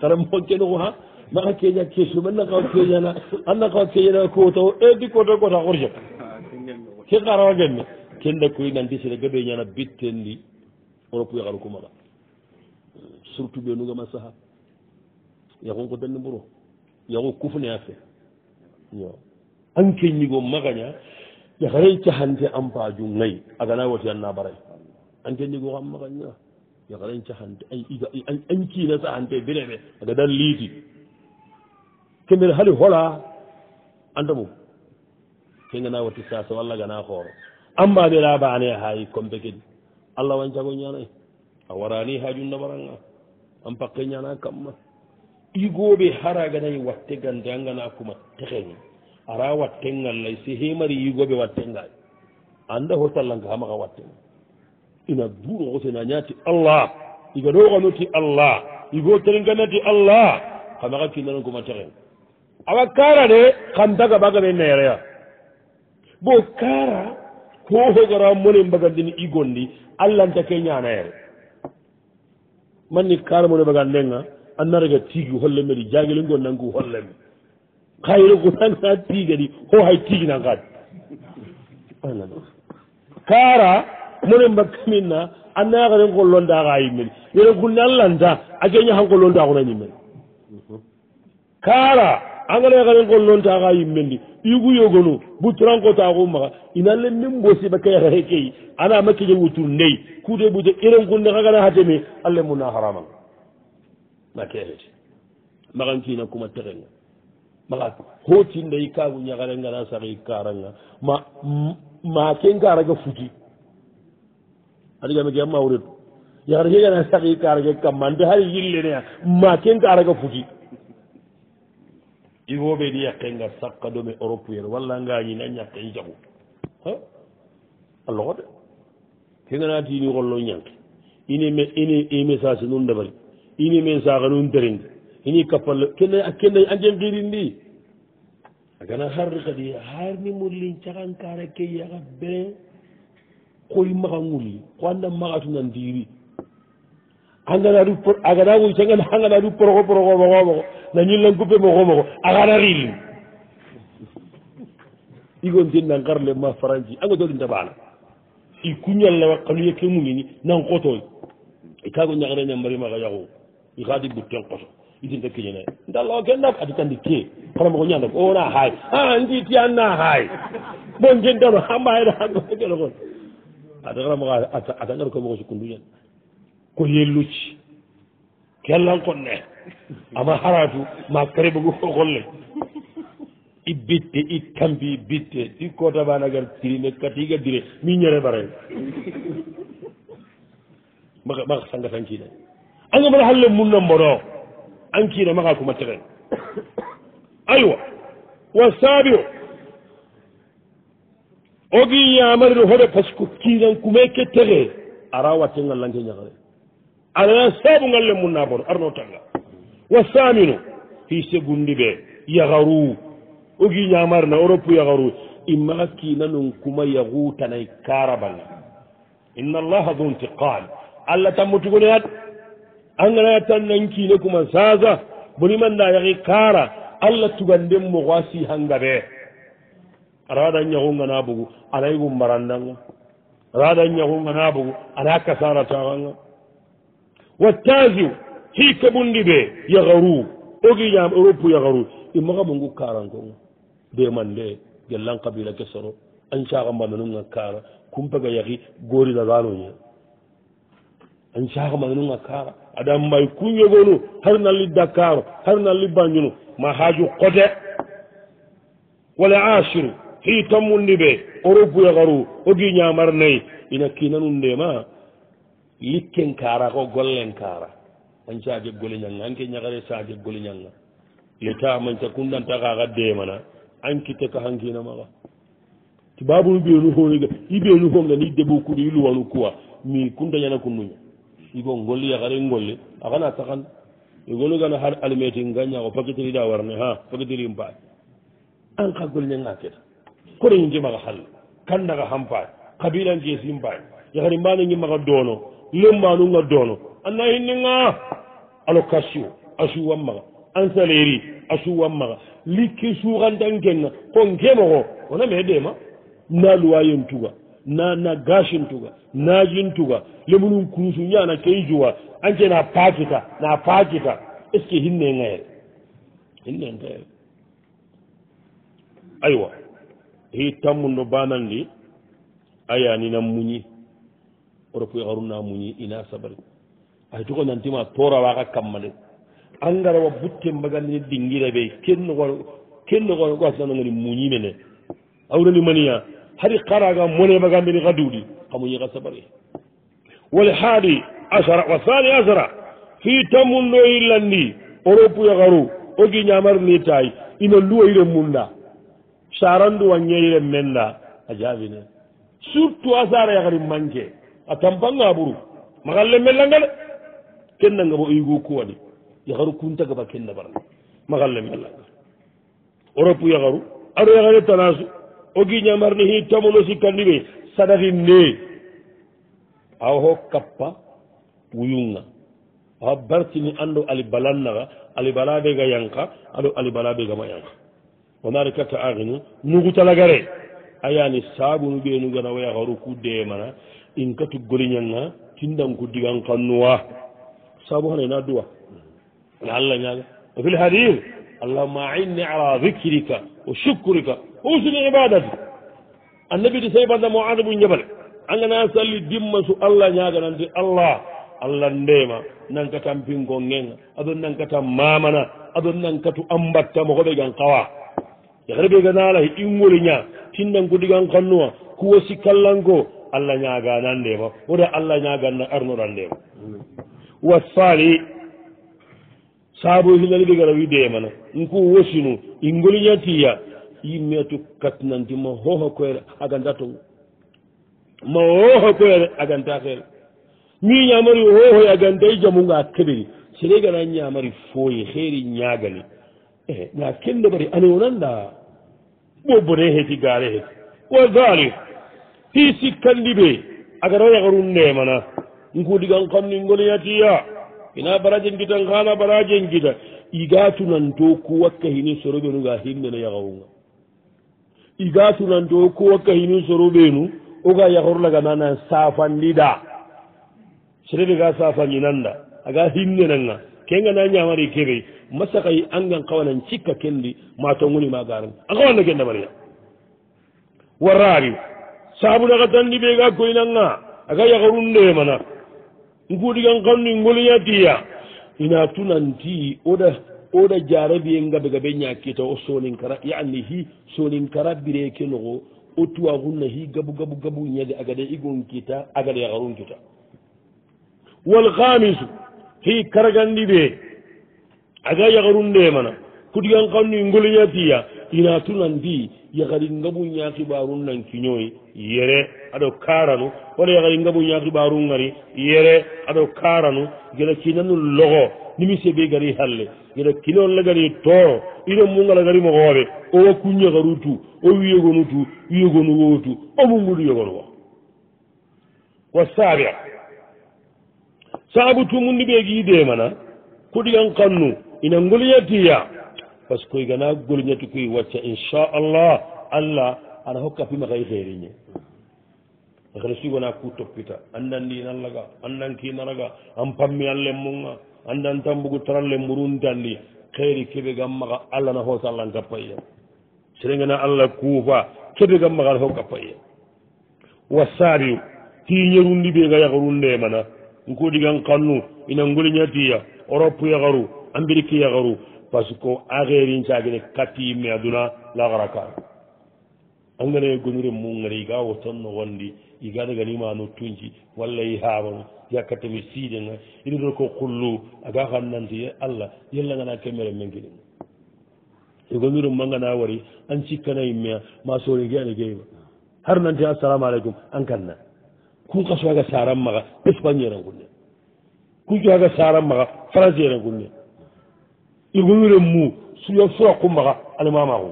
[SPEAKER 4] karamoko kenuku ha maga keña kesu manna kawa keñana anna kawa keñana kotao e di kota kota korjo hiqarogenne kenda koynandisire gaɗo ñana bitten ndi europe yakaru kumaɓa surtout ɓenugama saaha yakunko dandi mburo yaku kufne a fe yo an keñigo magaña yakare cahante ampaju ngay agana woti anna baray an keñigo kam magaña yakare cahante an kiina sahante bireɓe aga dan liiti kemere hali hola andamum kengana wati sase o allah gana hooro ammaɓe raabane haayi compe kedi allah wancago ñanayi e. a warani ha junnabaranga an pakke ñana kamma igoɓe hara ganayi e watte gande an gana kuma tehen ara wattengallay e si hemari igoɓe wattengaay anda hotallanka hamaka watten ina duro kosena ñati allah iganoganoti allah igo terenganati allah kamaka kinnanan kuma tehen awa kara de kan dagaɓagaɓe nereya bo kara hohogora moni mbagandini igondi allanta ke ñanayere manni kara moni mbagandenga annaraga tigi hollemedi jaguele go nangu holleme hayre gonanga tigadi ho hay tigi nangad kara moni mbagkaminna annayakaren ko londaka yimmeni yere gunni allanta a keña han ko londakunañimmen kara angale xane ngollonta xa yimmendi igu yogono butrankotaxu maxa ina lenden bosi ɓa keyaxexe key ana ma keƴe wutur ndey kute ɓute iren kunne xagana xateme a le muna haramang ma keexeti maxan kina kuma texenga maxa hoti ndey kagu ñaxarengana saxi karanga ma ma ken karage futi adigameke ma wuretu yaxar kegana saxi karage kamma nte xar yillenea ma ken karage futi ihoɓe ni yakka ngal sakka ɗum e europe yere walla ngañini a ñakka e jaɓu allahoɗe heganati ini hollo ñanke ini me ini i message nun ndabari ini min saaka nun terinde ini kappalle kenna kenna anjen qirin ndi agana harri kadi harni mullin cakan kara keyyaka be koy maxa nguli ko anda maxatunan diri anganadu aganawuy cangan anganadu proko proko ɓoxoɓoxo na ñin lan guppe ma xoma ko axana rilin igontin nan garle ma faranci anga dodin dabala i kuñalla wa xanu yeke muñini nan xotoy i kaago ñaxrene mari maxa yaxu i xadi gutten qoto itinta kiñene ndalo ke ndap adi tandi ke xolama ko ñanda ona xaay a ndi ti an na xaay bon jen dano xambaayda xagoekeloxon ada xaramaxa ata ngar ko moxo sukundu ñan ko yelluci ke lanqon ne ama haratu ma karebogu ko golle i bitte i kambi bitte ɗi kotabanagar tirine katiga dire mi ñere bare maa maka sangat ankiine anga mara halle munna mbono ankiine maka kuma teren aywa wasabiu ogi yamarir hoɗe par ce que kiinan kuma ke tege ara watte ngallanke ñagare alana sabu ngalle munna bono arno tanga wasamino hise gundiɓe yagaru ogi ñamarna europe yagaru immakinanun kuma yahutanay karabanga in allaha do ntiqal allah tammotugone at anganaya tan nankine kuma sasa bonimanda yahi kara allah tuganden mogo a si hangabe arada ñahongana bugu anay gummarandanga rada ñahongana bugu ana kasarataganga wattaziu hikka bundi ɓe yaharu ogiñam europe yaharu imaxa mungu karankon demande gellan kabila ke soro ancaxa mbananunga kara kumpaga yaki gorilaganoña ancaxa mbananunga kara aɗa mbay kuñogonu har nalli dakar har nalli banñunu ma haju kote wala asiru hita mundi ɓe europe yaharu ogiñamar nayi ina kinanundema likken kara ko gollen kara an sage gole ñanga an ke ñagare sage gole ñanga leta manca kundanta kaxa demana an kitte ka hankina maxa ti babunu ɓeenu fooniga i ɓeenu foomga ni deɓo kudu i luwanu quwa mi kunta ñana kunnuña igo ngolle yaxare ngolle axana taxan egolo gana har almeti ngañaxo paqueteri da warne ha paqueteri mpaat
[SPEAKER 5] an xa gole ñanga
[SPEAKER 4] keta koreñinke maxa xal kannaxa xampaat xabilanke si mpaat yaxari mbanangi maxa doono lembanunga doono anna hinninga alo kasio asuwan maga ansaleri asuwan maga likki suxantan kenga ko nkemoxo wona me dema na luwayentuga na na gasintuga najintuga lemunun kurusu ñana keijuwa ance na pakita na pakita est ce que hinnengayer hinnentayer aywa i tammu no banandi ayanina muñi oropuyaxaru e na muñi ina sabari ay tuko nantima torawaka kammale angarawa butte mbaganni dingira ɓe kenno ko kenno ko ko asnanogoni muñimene awrani maniya hadi qaraga mone mbagambeni ka duuɗi kamuñi ka sabari wal haadi asara wa sani asara fi tammundo yillandi oro puyakaru ogi ñamar ni tay ina luwayire munda sarandu wañeyire menda a jaabine surtout asara yakari manque a tampanga ɓuru magalle mellangale kennangamo oygo kuwani yahru kuntagaba kenna barani magallemelaga oropu yaharu aɗo yahane tanasu ogi ñamarni hi tamulo sikkandi ɓe sadahi ne awho kappa wuyunga awa bartini ando alibalannaga alibalaɓega yanka aɗo alibalaɓegama yanka wamari kata arinu
[SPEAKER 5] nugutalagare
[SPEAKER 4] ayani sabunu ɓenugana wayaharu ku demana inkatu goliñanga tindanku digan kannuwa saabu hono ena duwa ne allah ñaaga o fil hadis allahuma ainni ala dicrika wa chukrika usni ibadati annabi di say banda moada bu njabal angana salli dimma su allah ñaaga nandi allah allah ndema nankatan pingo ngenga aɗon nankatan mamana aɗon nankatu ambattamo hoɓe gan kawa yahreɓe ganala he ɗingoli ña tinnankudigan kannuwa kuwo sikkallanko allah ñaaga nandema woda allah ñaganna arnoɗan ndema wa sali saabuyi hinani ɓegara wi deemana nku wosinu ingoliñatiya yimmeetu katnanti ma hoho koyre aganta to ma hoho koyre aganta xeere mi ñamari hohoy e agantay e jamunga keɓeri sere gana ñamari fooye xeeri ñagani e eh, nda kenne bari anewonan da ɓobone heti gaare heti wa dalik hi sikkandi ɓe agara yaxaru ndeemana nguuɗi kan kamni ngonoyatiya ina barajen gita kana barajen gita igatunanto ku wakka hini soroɓenu ga himmeno yagawunga igatunanto ku wakka hini soroɓenu oga yagorlaganana safandida serebe ga safaninanda aga himmenanga kengana ñamari keɓe masakay angan kawanan cikka kendi ma tonguni ma garan an kawanna kenda maria warrari sabunaka tandi ɓe ga goynanga aga yagorundemana nguɗigan kamni nguliya diya ina tunanti oɗa oɗa jara biye gabe gabe ñakkita o soninkara yani hi soninkara birekenoxo o tuwaxunna hi gabu gabu gabu ñade agade igonkita agade yaxarunkita walhamisu hi karagandi ɓe aga yaxarundemana kuɗigan kamni nguliya diya ina tunanti yahari ngabu ñaaxibaarun nan kiñooyi yere aɗo kaaranu wala yahari ngabu ñaaxibaaru ngari yere aɗo kaaranu gila kinanu logo nimise be gari halle gila kinol la gari too ino mungala gari mogooɓe o wa kuñaharu tu o wiyegonu tu wiyegonu woo tu o mungudu yogonu wa wa saabi saabu tumundi ɓeegi deemana kuɗigan kannu ina ngoliyatiya par ce que gana golñati koye wacca inchallah allah aɗa hokka fima kay xeeriñe xeɗa sugona ku toppita andandinallaga andankinaraga an pammi an lemmunga andan tambugu taran lemmuruntandi xeeri keɓe gam maxa allah na hoosa allah n kappayyem serengana allah kuufa keɓe gam maxa aɗa hokka payyem wasaari tiñerundi ɓe ga yaxarundemana nkuɗigan kannu ina ngoliñatiya europe yaxaru ambirique yaxaru parce que ahairin cagine kattiyimme aduna lagaraka angana gonure mungare iga wotonno wondi iga daganima nottunji walla i haabano yakkatemi siidenga inido ko kullu aga kan nanti allah yellangana kemere men gueɗen e gonure mangana wari an cikkana yimme ma sori ge ane geyma har nanti assalamu aleykum an kanna kun kasoaga saran maga espagne ren gunne kun cuaga saran maga france ren gunne igonire mu suyo sura kumbaga alimamaku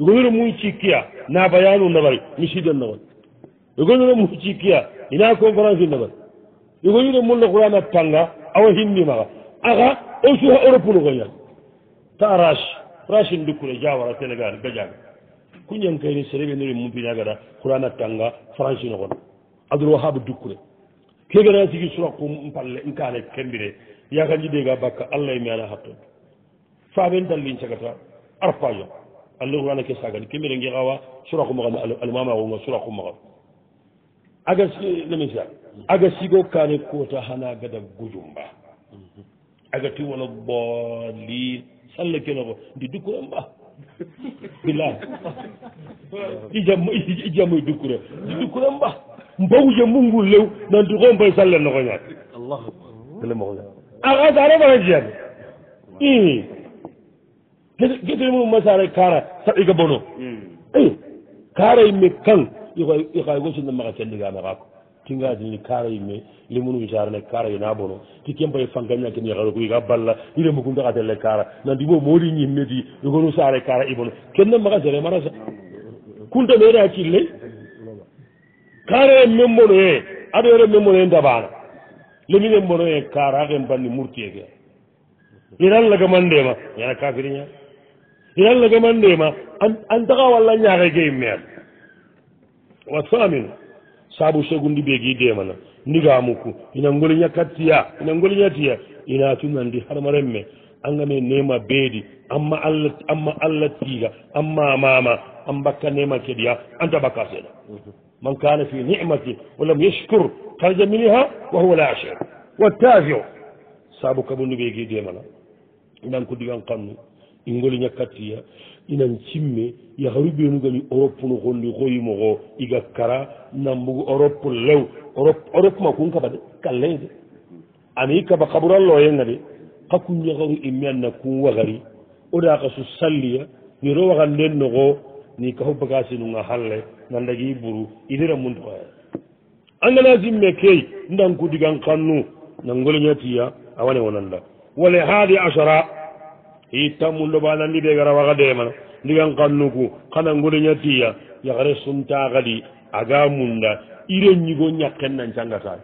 [SPEAKER 4] igonire mu cikkiya na bayanu nabari miside nabari igonire mu cikkiya ina conférence nabari igonire mu lekurana tanga awa hindi maga aga o suha europe nogoyan ta rashe rashe ndikkure jawara sénégal gajaga kuñankayni sereɓenire mumpinagada kurana tanga france nogon adoro haɓe dukkure kegana sigi sura kumpalle nkane kembire yakar jiɗega bakka allah e mi ala hattoo faaɓen dallin cagata arpajo allah qurana ke sagani kembere geawa suraku magama almamagoga suraku magam aga namisa aga sigo kane kota hana gada gujumba aga tiwono booli salla kenogo ndi dukkuran ba bila ijamoy dukkure ndi dukkuran ba mbawuje mungu lew nanti ko mbay sallennogoñaat allahu akbar salemogoñat aata ara bara jeeɗe i gete mum masara kara saɗiga bono
[SPEAKER 2] hmm.
[SPEAKER 4] kara yimme kan ikay go sinna maxa celligana xaako tingatini kara yimme limunu sarane kara yina bono ti kempa ye fankaña ken yaxaroku iga balla ire mukunta xatelle kara nandi bo moori ñimme ti igonu sare kara i bono kenna maxa sere marasa kunta meeda cille kara ye men bono e aɗo ere men bono e dabana lemine mbono e karaɓen banni murtieke irallagamandema yana kafirña irallagamandema an taxa walla ñaxe ge imer wa samine sabu segundi ɓegi demana ndiga mukku ina ngoliña kattiya ina ngoliña tiya ina tunandi harmaren me angame nema beedi amma allah amma allah tiga amma mama an bakka nema keɗiya anta bakka seeɗa man kana fi nicmati walam yeshkour tarjaminiha wa huwa lachir wattafiru saabu kabundu ɓe gede mana inan ko digan kannu ingoli ñakkattiya inan cimme yaharu ɓenugami europe no gondi hoyimoxo iga kara nambugu europe lew europe ma kun kaba de kallei de ani kaba kaburalloyenga de xa kun ñaharu imme anna kun wagari oda kasu salliya niro waganden noxo ni kafu bagasinunga halle nandagi buru idira muntoxoyaa angana zimme key ndanku digan kannu a wani awane da wala haadi asara i tammundo banandi di gara waga demana digan kannuku kana gare sun ta gadi aga munda ire ñigo ñakken nan cangata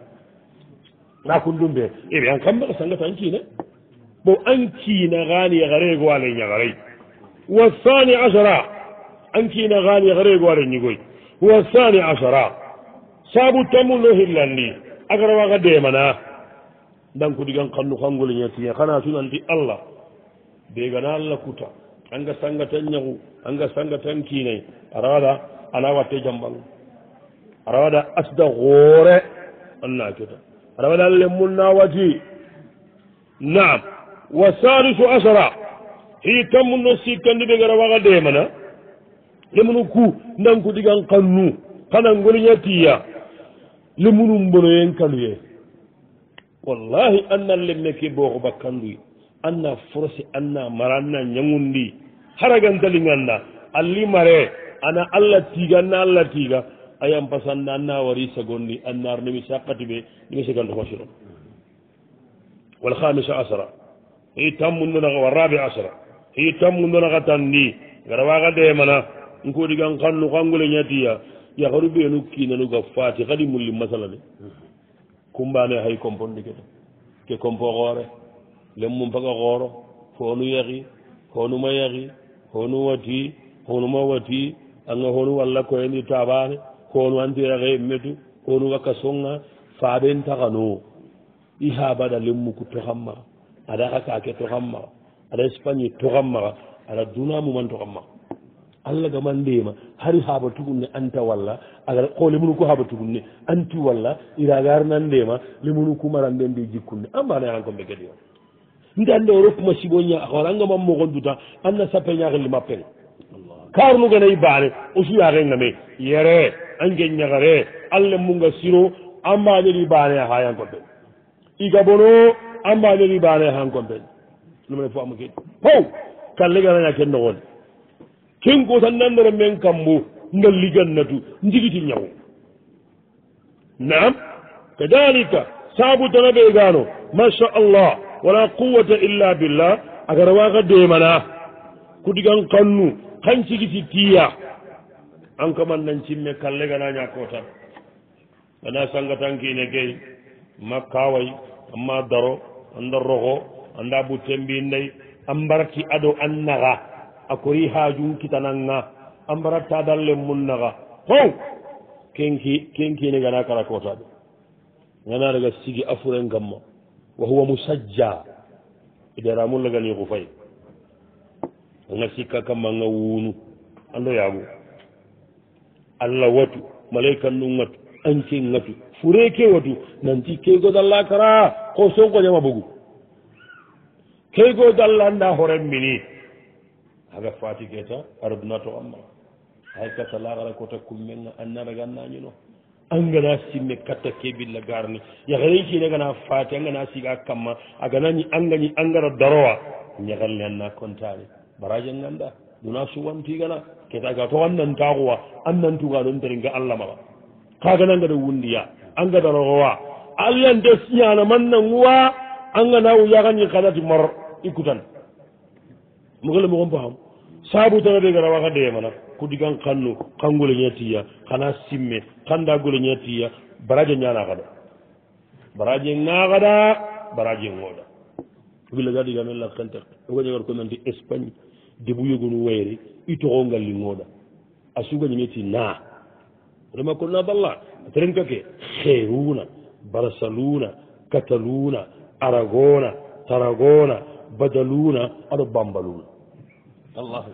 [SPEAKER 4] na be e bi an san maxa sangata an ne bo an gare go yaxarego ale gare wa thani ashara an gare go yaxarego ale ñigoy wa thani ashara. saabu tammullo hillandi agarawaga demana danko digan kannu kangole ñatiya xana sunandi allah degana allah kuta anga sangatan ñaxu anga sangatan kinay arawada ana watte jambang arawada asda xoore anna keta arawada lemmul na wati naam wa salisu asara hii tammuno sikkandi ɓe garawaga demana lemunu ku danko digan kannu xana ngoliñatiya lemunum mbonoyen kanduye wallahi anna lemmeke booko bakkanduye anna forosi anna mara anna ñagundi haragantali ganda alli mare ana allah tiiga anna allah tiiga ayan pasanna anna wari sagondi annaar nemi sakkati ɓe nemi segandu masiron walhamisa asara ey tammundonaa wa rabi asara ey tammundonaka tandi gara waga demana nkoodigan kannu kangule ñatiya ya hori ɓe nu kinanuga fati hadi mulli masala de kumbane hay compo ndikete ke compo hoore lemmum paga hooro fonu yahi honuma yahi honu wati honuma wati anga honu walla koyendi tabane honu antiyahe metu honu wakka songa faɓen tahano i habaɗa lemmuku tohammaa aɗa hakake tohammaa aɗa espagne tohammaa aɗa duna muman tohammaa allah gama ndema hari haaba tugunne anta walla agar ko lemunu ko haaba tugunne anti walla iragarnan ndema lemunu kumaranden nde jikkunne ambane aran komɓe gadi o ndande o roppuma sibo ña awarangama mogon duta anna sappe ñagalli mappen karnuganayi baane o suyaxennami yere ange ñagare allah munga siro ambaneri baane a hayankomɓe igabono ambaneri baane a hankomɓe numene fo ama kedi ho kallegananaken nogone kenko tan nandara men kambo ngalli gannatu jigiti ñawo naam kadalika saabu tana ɓe gano masha allah wala quwata illa billah agara waka demana kudigan kannu kan cigiti tiya an kaman nan cimme kalle gana ñakotan ana sangatankine key ma kaway amma daro anda roho anda butte mbinnayi an barati ado an naga akori haju kitananga ambara munna ga ho kenki kenki ne gana kara kota tabe ngana daga sigi afuren gamma wa huwa musajja idara mun daga ni kufai nga sika kama nga wunu ando yagu allah watu malaikan nun watu anke ngatu fure ke watu ti ke go dalla kara ko son ko jama bugu ke go dalla nda horen mini haga faati keta ardunato amma hay katta laaxara kota kummenga annara gannañi no angana simme katta kebilla garni yakhren cine gana faati angana siga kamma aganañi angañi angara darowa ñakalle anna contani baraje ganda duna suwantigana keta ga to annantaxuwa annantuga non teringa allahmaɓa kaganangada wundiya anga darowa allante ñana mannanguwa angana wuyaxani xadati mar i kutan mogole mogon paxam saabu tana de gara waxa deyemana kudigan xannu xan gule ñetiya xana simme xanda gule ñetiya baraje ñanaxada baraje ngaxada baraje ngooda village a digamen lakente oga ñagar commenti espagne debu yogunu wayri i toxo ngalli ngooda a suga ñimeti na vraiment kon na balla terenka ke xeeruna barsaluna kataluna aragona taragona badaluna aɗo bambaluna allahu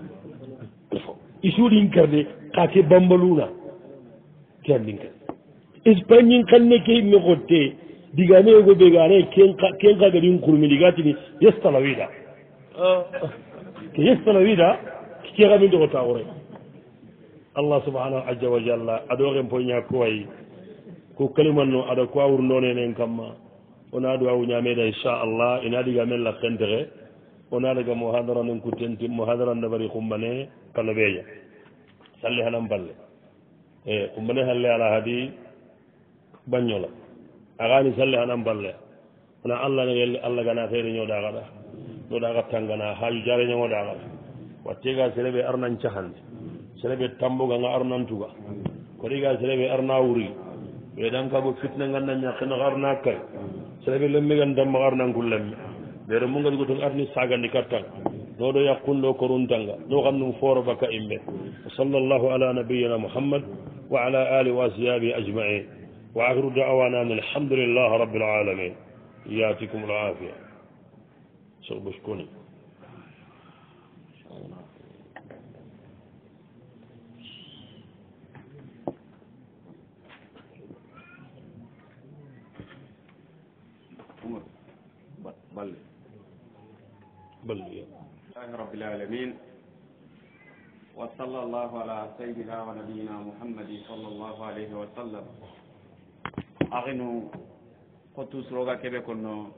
[SPEAKER 4] i suuɗin garde ka ke bambaluna ke andin kan espagnen kanne ke imme xotte digane yogo ɓe gane kenka gadin kurmi ɗigatini yestala wiida ah. ke yestala wiida kexamin doxota xure allah subhanahu aja wa jalla aɗoxen poña kuway ko kalimanno aɗa kuwa wurnonenen kamma ona duwa wuñamede inchallah ina ɗigamen lakentexe wonaaraga mohadara nen ku tenti mohadara ndabari kumbane palobeeja salli hanan balle e kumbane halle ala hadi bañola aqaani salli hanan balle wona allah ne yelli allah gana feere ñoodaaxaɗa ñoodaaxa tangana haaju jaare ñoodaaxaɗa wattega sereɓe arnan cahandi sereɓe tambuganga arnantuga koɗiga sereɓe arna wuri ɓeɗan kabo fitna ngannda ñakkinoxa arna kay sereɓe lemmigan dammaxa arnan ku lemmi dere mungal go tun arni sagandi do do yakkunɗo ko runtanga ɗo kam ɗum foro baka imbe sallallahu ala nabiyina muhammad wa ala ali wa ashabi ajmain wa akhiru dawana alhamdulillahi rabbil alamin yatikum alafia so ɓoskoni
[SPEAKER 3] العالمين وصلى الله على سيدنا ونبينا محمد صلى الله عليه وسلم أغنو قطوس روغا كبه كنو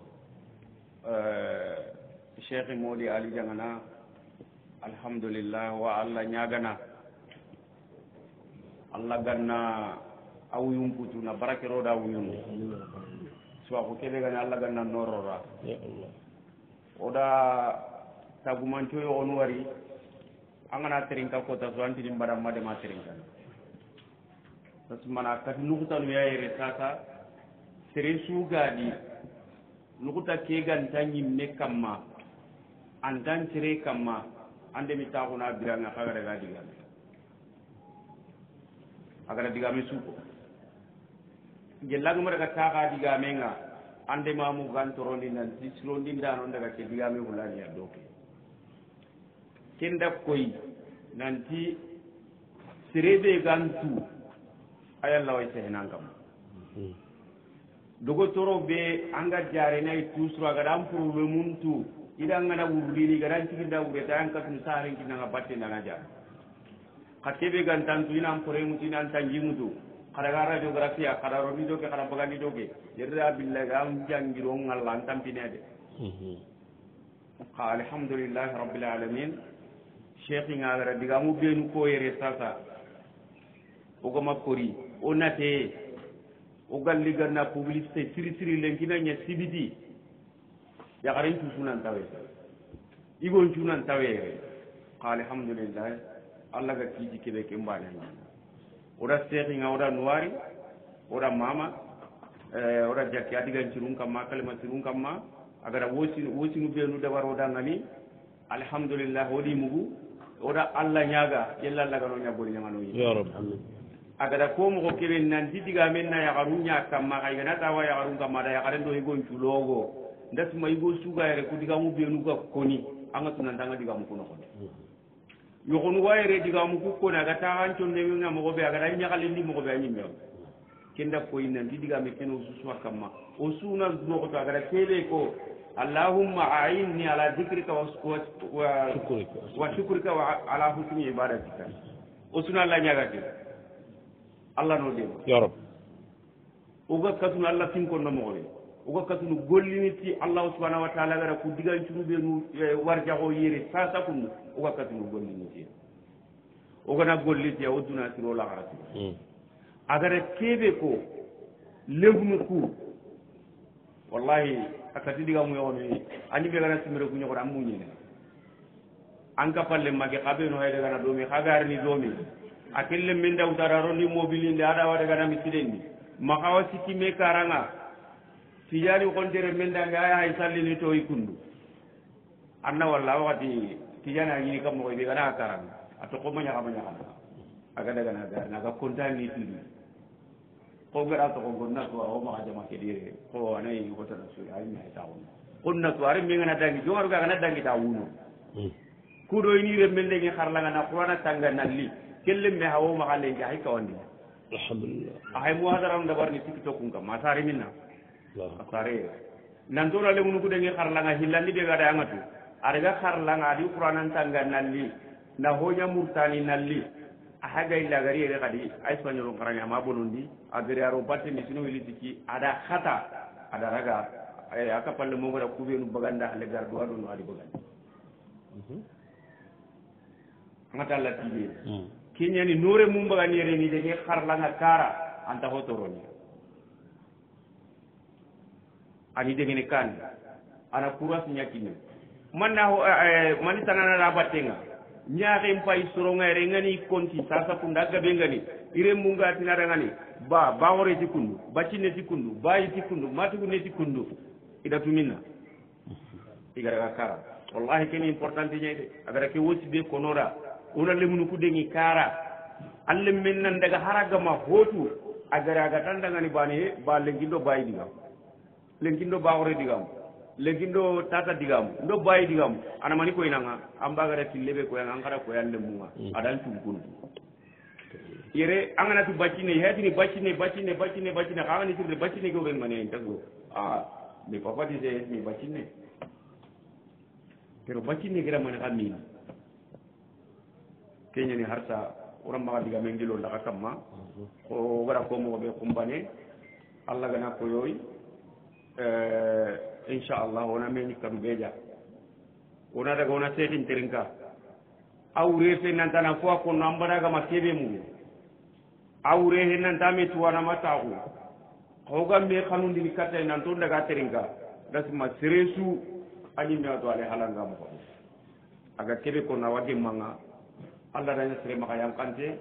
[SPEAKER 3] آه، شيخ مولي علي جانانا الحمد لله وعلى نياغنا الله غنا أو ينبتنا بركة رودا وينبتنا سواء كبه غنا الله غنا نورورا ودا sagumantio yo onu wari a ngana trinka kota so antini mbaɗanma dema trinka parcemana kati nuxutanu yayere sasa tre sugaɗi nuxuta keganta ñimme kamma antan tre kamma andemi taxuna biranga xagaraga digame agara digame suko gellangema daga taxa digamenga andemamu gantorondi nan ti silondindano daga ke digame wulaniya doke kendak koy nanti serebe gan tu ayallaway sehenangam hmm. dogotoro be anga jarenay tusro agadan problemum tu ida ngana wurlini gadan cikinda wureta yankatum sarenkinanga batte ndana jar ka kebe gantantu inan poremutu inan tangimutu kadaga radiographia kada roni doge kada bagani doge yerda billahi an jangiro ngalla antampinede ka hmm, hmm. alhamdulillahi rabbil alamin cheikhi ŋaalara diga mu ɓeenu koyere sasa ogoma kori o natee o galligatna publicité siri siri len kina ña sibiti yakaren cuusunan tawe igon cuunan taweere ka alhamdulillahi allah ga kiiji keɓe ke mbaanena oɗa seehi ŋa oɗa nuwaari oɗa mama eh, oɗa jakki adigan cirun kam ma kalima sirun kam ma agata wosinu ɓeenu daɓaroɗa ŋani alhamdulillahi oɗi mugu wota allah ñaaga yella allah gano ñaggori ñaganoyi agata ko moxo keɓe nandi diga men na yakaru ña kamma xay ga natawa yakarun kamma da yakaren do igon culoogo nda suma igo suga yere ku digamu ɓeenuga koni anga sunanta anga digamu ku noxone hmm. yoxonu wa yere digamu ku koni aga taxan conneenga moxo ɓe agata ñaxalendi moxo ɓe a ñimmeo ke ndak koyi nandi digame keno susuwa kamma o suna noxoto agata keɓe ko allahumma aainni ala dicrika wa sucrika ala husmi ibadatika o sunallah ñagati allah no ɗen yorob oga kasunu allah finkonno mooɓe oga kasunu gollinitti allahu subahanahu wa taala gara e, hmm. ko digancunuɓe nu warjaho yeri sasakunu oga kasunu gollinitti ogana gollitti a odduna siro laharasi agara keɓe ko lehunu cour wallahi akati diga mu yoni ani be gara simiro ku nyogora munyi ne an ka palle mage kabe no hayde gara domi khagar ni domi akille min da ro ni mobili ni ada wada gara ma makawa ki me karanga tijani ndere min da ngaya hay salli ni to ikundu anna walla wakati tijana ni kam mo be gara karanga atoko mo nyaka mo nyaka aga daga na ga na ga kontani tidi ko ngara to ko gonnatuwa o maxa jama keɗire ko anayi otana suri ay maxe ta wonno gonnatuwa ren me ngana dangi jongaru ga gana dangi ta wuuno hmm. kuɗoyni ren men lengi xar langa na qurana tanga nalli kelle me xa wo maxa lengi axay kawandi alhamdulilah axay mu hadaram ndabarni tikitok kun kam masari min na masare nantola lengu nuku dengi xar langa xillandi ɓega da yangatu a rega xar langa adi qurana tanga nalli na hoña murtani nalli ahaga illa gari yere kadi espagnol on karani ama bonondi agari aro batteni sino tiki ada khata ada raga eh, aka palle kubi kubenu baganda ale gar duwa ɗo no adi bagandi angata mhm. allah tiɓe mhm. keñani nore mum bagani yere ni de ke nga kara anta hotoroni ani degene kan ana kuras nyakini manna ho eh, eh, mani tananana battenga ñaaxim fay soroŋayre ngani konti sasapunda gabe ngani irembu ngatinara ngani ba bawore ti kundu bacci ne ti kundu baayi ti kundu matugu ne ti kundu iɗatumina igaraga kara wallahi keni importante ñayde agara ke wosi be konora ona lemunu kudeŋi kara allah men nan daga hara gama hootu agaraga ɗandangani bani he ba lenkinɗo bayi ɗigam lenkinɗo bawore ɗigamu lenki ndo tata digamu ndo bayi digamu anamani koyinanga an bagara tillebe koya an kara koya lemmunga mm. adan tunkundu yere an ganati baccine hatini baccine baccine baccine baccine ka angani sirde baccine keoɓen maniyaintago a mi papatise mi baccine pero baccine kera mani ka mina keñani harta oranmaxa digamen gilo laxa kamma mhm. o gara komoxoɓe xumbane allah gana koyoy eh, inchallah wona meñi kadu ɓeeja wona daga wona seedintirin ka awre fe nantana fo a konno ambaɗagama keɓe mum awre he nantami tuwanama taaku hogamɓe kanundini katta e nanton daga terin ka dasima seresu añimmeato ale halangamo kam aga keɓe konno awa dimmanga allah daña sere maka yam kante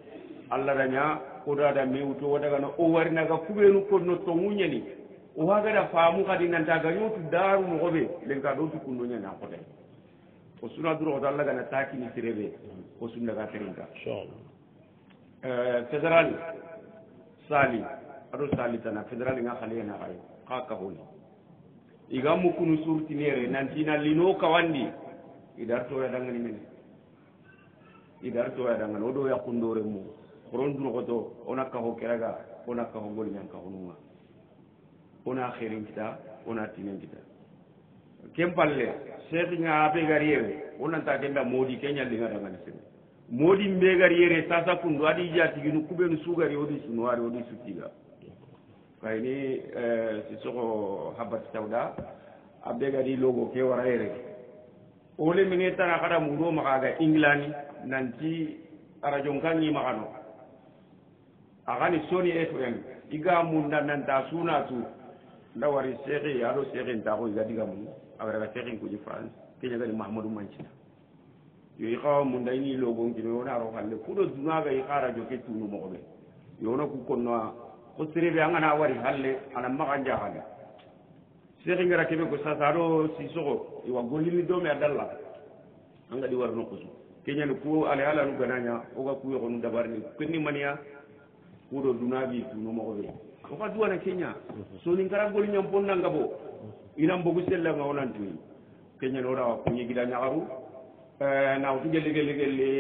[SPEAKER 3] allah daña kodaada mewuto wa dagana o warinaga kuɓenu konno tonguñani o waagata faamu kadi nanta gañootu daaru moxo ɓe leng ka ɗo tukkunno ñana xote o suna dur xoto allah gana taakini sire ɓe o sundaga serinka eh, fédéral sali aɗo sali tana fédéral nga xaleyana xaye xa kafoni iga mukkunu surtinere nantina lino kawandi idartoya dangani mene idartoya dangani o ɗo yakkundo ren mo xoron dur xoto ona kaho keraga ona kaho ngolñan kaho nunga wona xeerinkita wona tinenkita ken pallea cheikh nga ɓegar yere wonanta kenda moodi ke ñallingatangani sene moodi mbegar yere sasa kundu aɗi ija tiginu kuɓenu sugari odi sunoari odi sutiga kayni eh, si soxo habat sawda a ɓegari logo ke wara yere o le mene tara xaɗa muro maxaga englandi nanti radion ka ngimaxano axani sony fm i ga munda nanta suna suu nda wari seexi aɗo seexin taaxu ga diga mum a waraga seexin kuji france keñagani mahamadou mancina yo i xawa mu ndayni logonkino yona ro xalle ku ɗo dunaga i xaara joke tunu moxoɓe yona ku konnoa xo serebe angana wari halle ana maxanja xale seexingara keɓe ko sasa aɗo sisoxo iwa gollini doome a dalla angaɗi warno kusu keñani ku ale ala nu ganaña oga kuyoxo nu dabarni kenni mania ku ɗo dunaɓi tunu moxoɓe oka duwana keña soni ngarangoli ñam ponnanga bo inan bogu sellanga onantini keña noorawa kuñigida ñaxaru eh, nawtu geligeligelli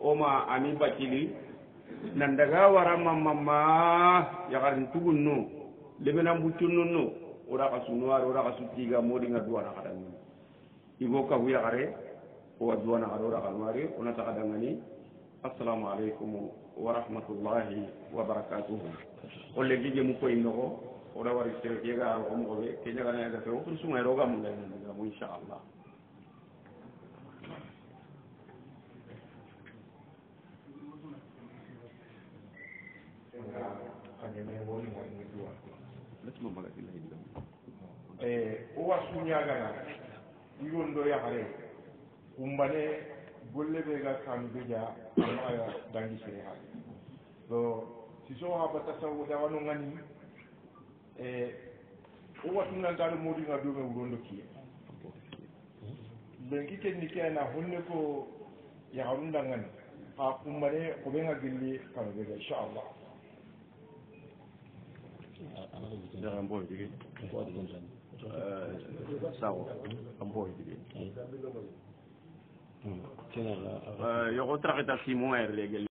[SPEAKER 3] oma ani bacili nandaga wara mamamma yaxarin tugun nu lemenan buccunnun nu oraxa sunuwaare oraxa sutiga moɗinga duwana xadanmini ibo kafu yaxare owa duwana xare oraxanuwaare onataxadangani assalamu aleykum wa rahmatullahi wa barakatuhu olle lije mu koye noxo oɗa wari se yegaaroxo moxoɓe ke jaganaaga fe oxun sumay e rogamu lenaamo inchallah
[SPEAKER 1] eh, o wasuñaganaa yondo yaxare cumbane golle ɓe ga kanduja aya dangi seha so siso ha bata sawda wano gani e eh, o wattunantaɗo moɗuga dume wurondo kiye lenki ni ke ana honne ko yaharunda gani ha kummane koɓega gilli kano ɓega inchallah
[SPEAKER 3] jaran boy tigi eh, sawo an boy tigi yo ko traxita simum ayer leegel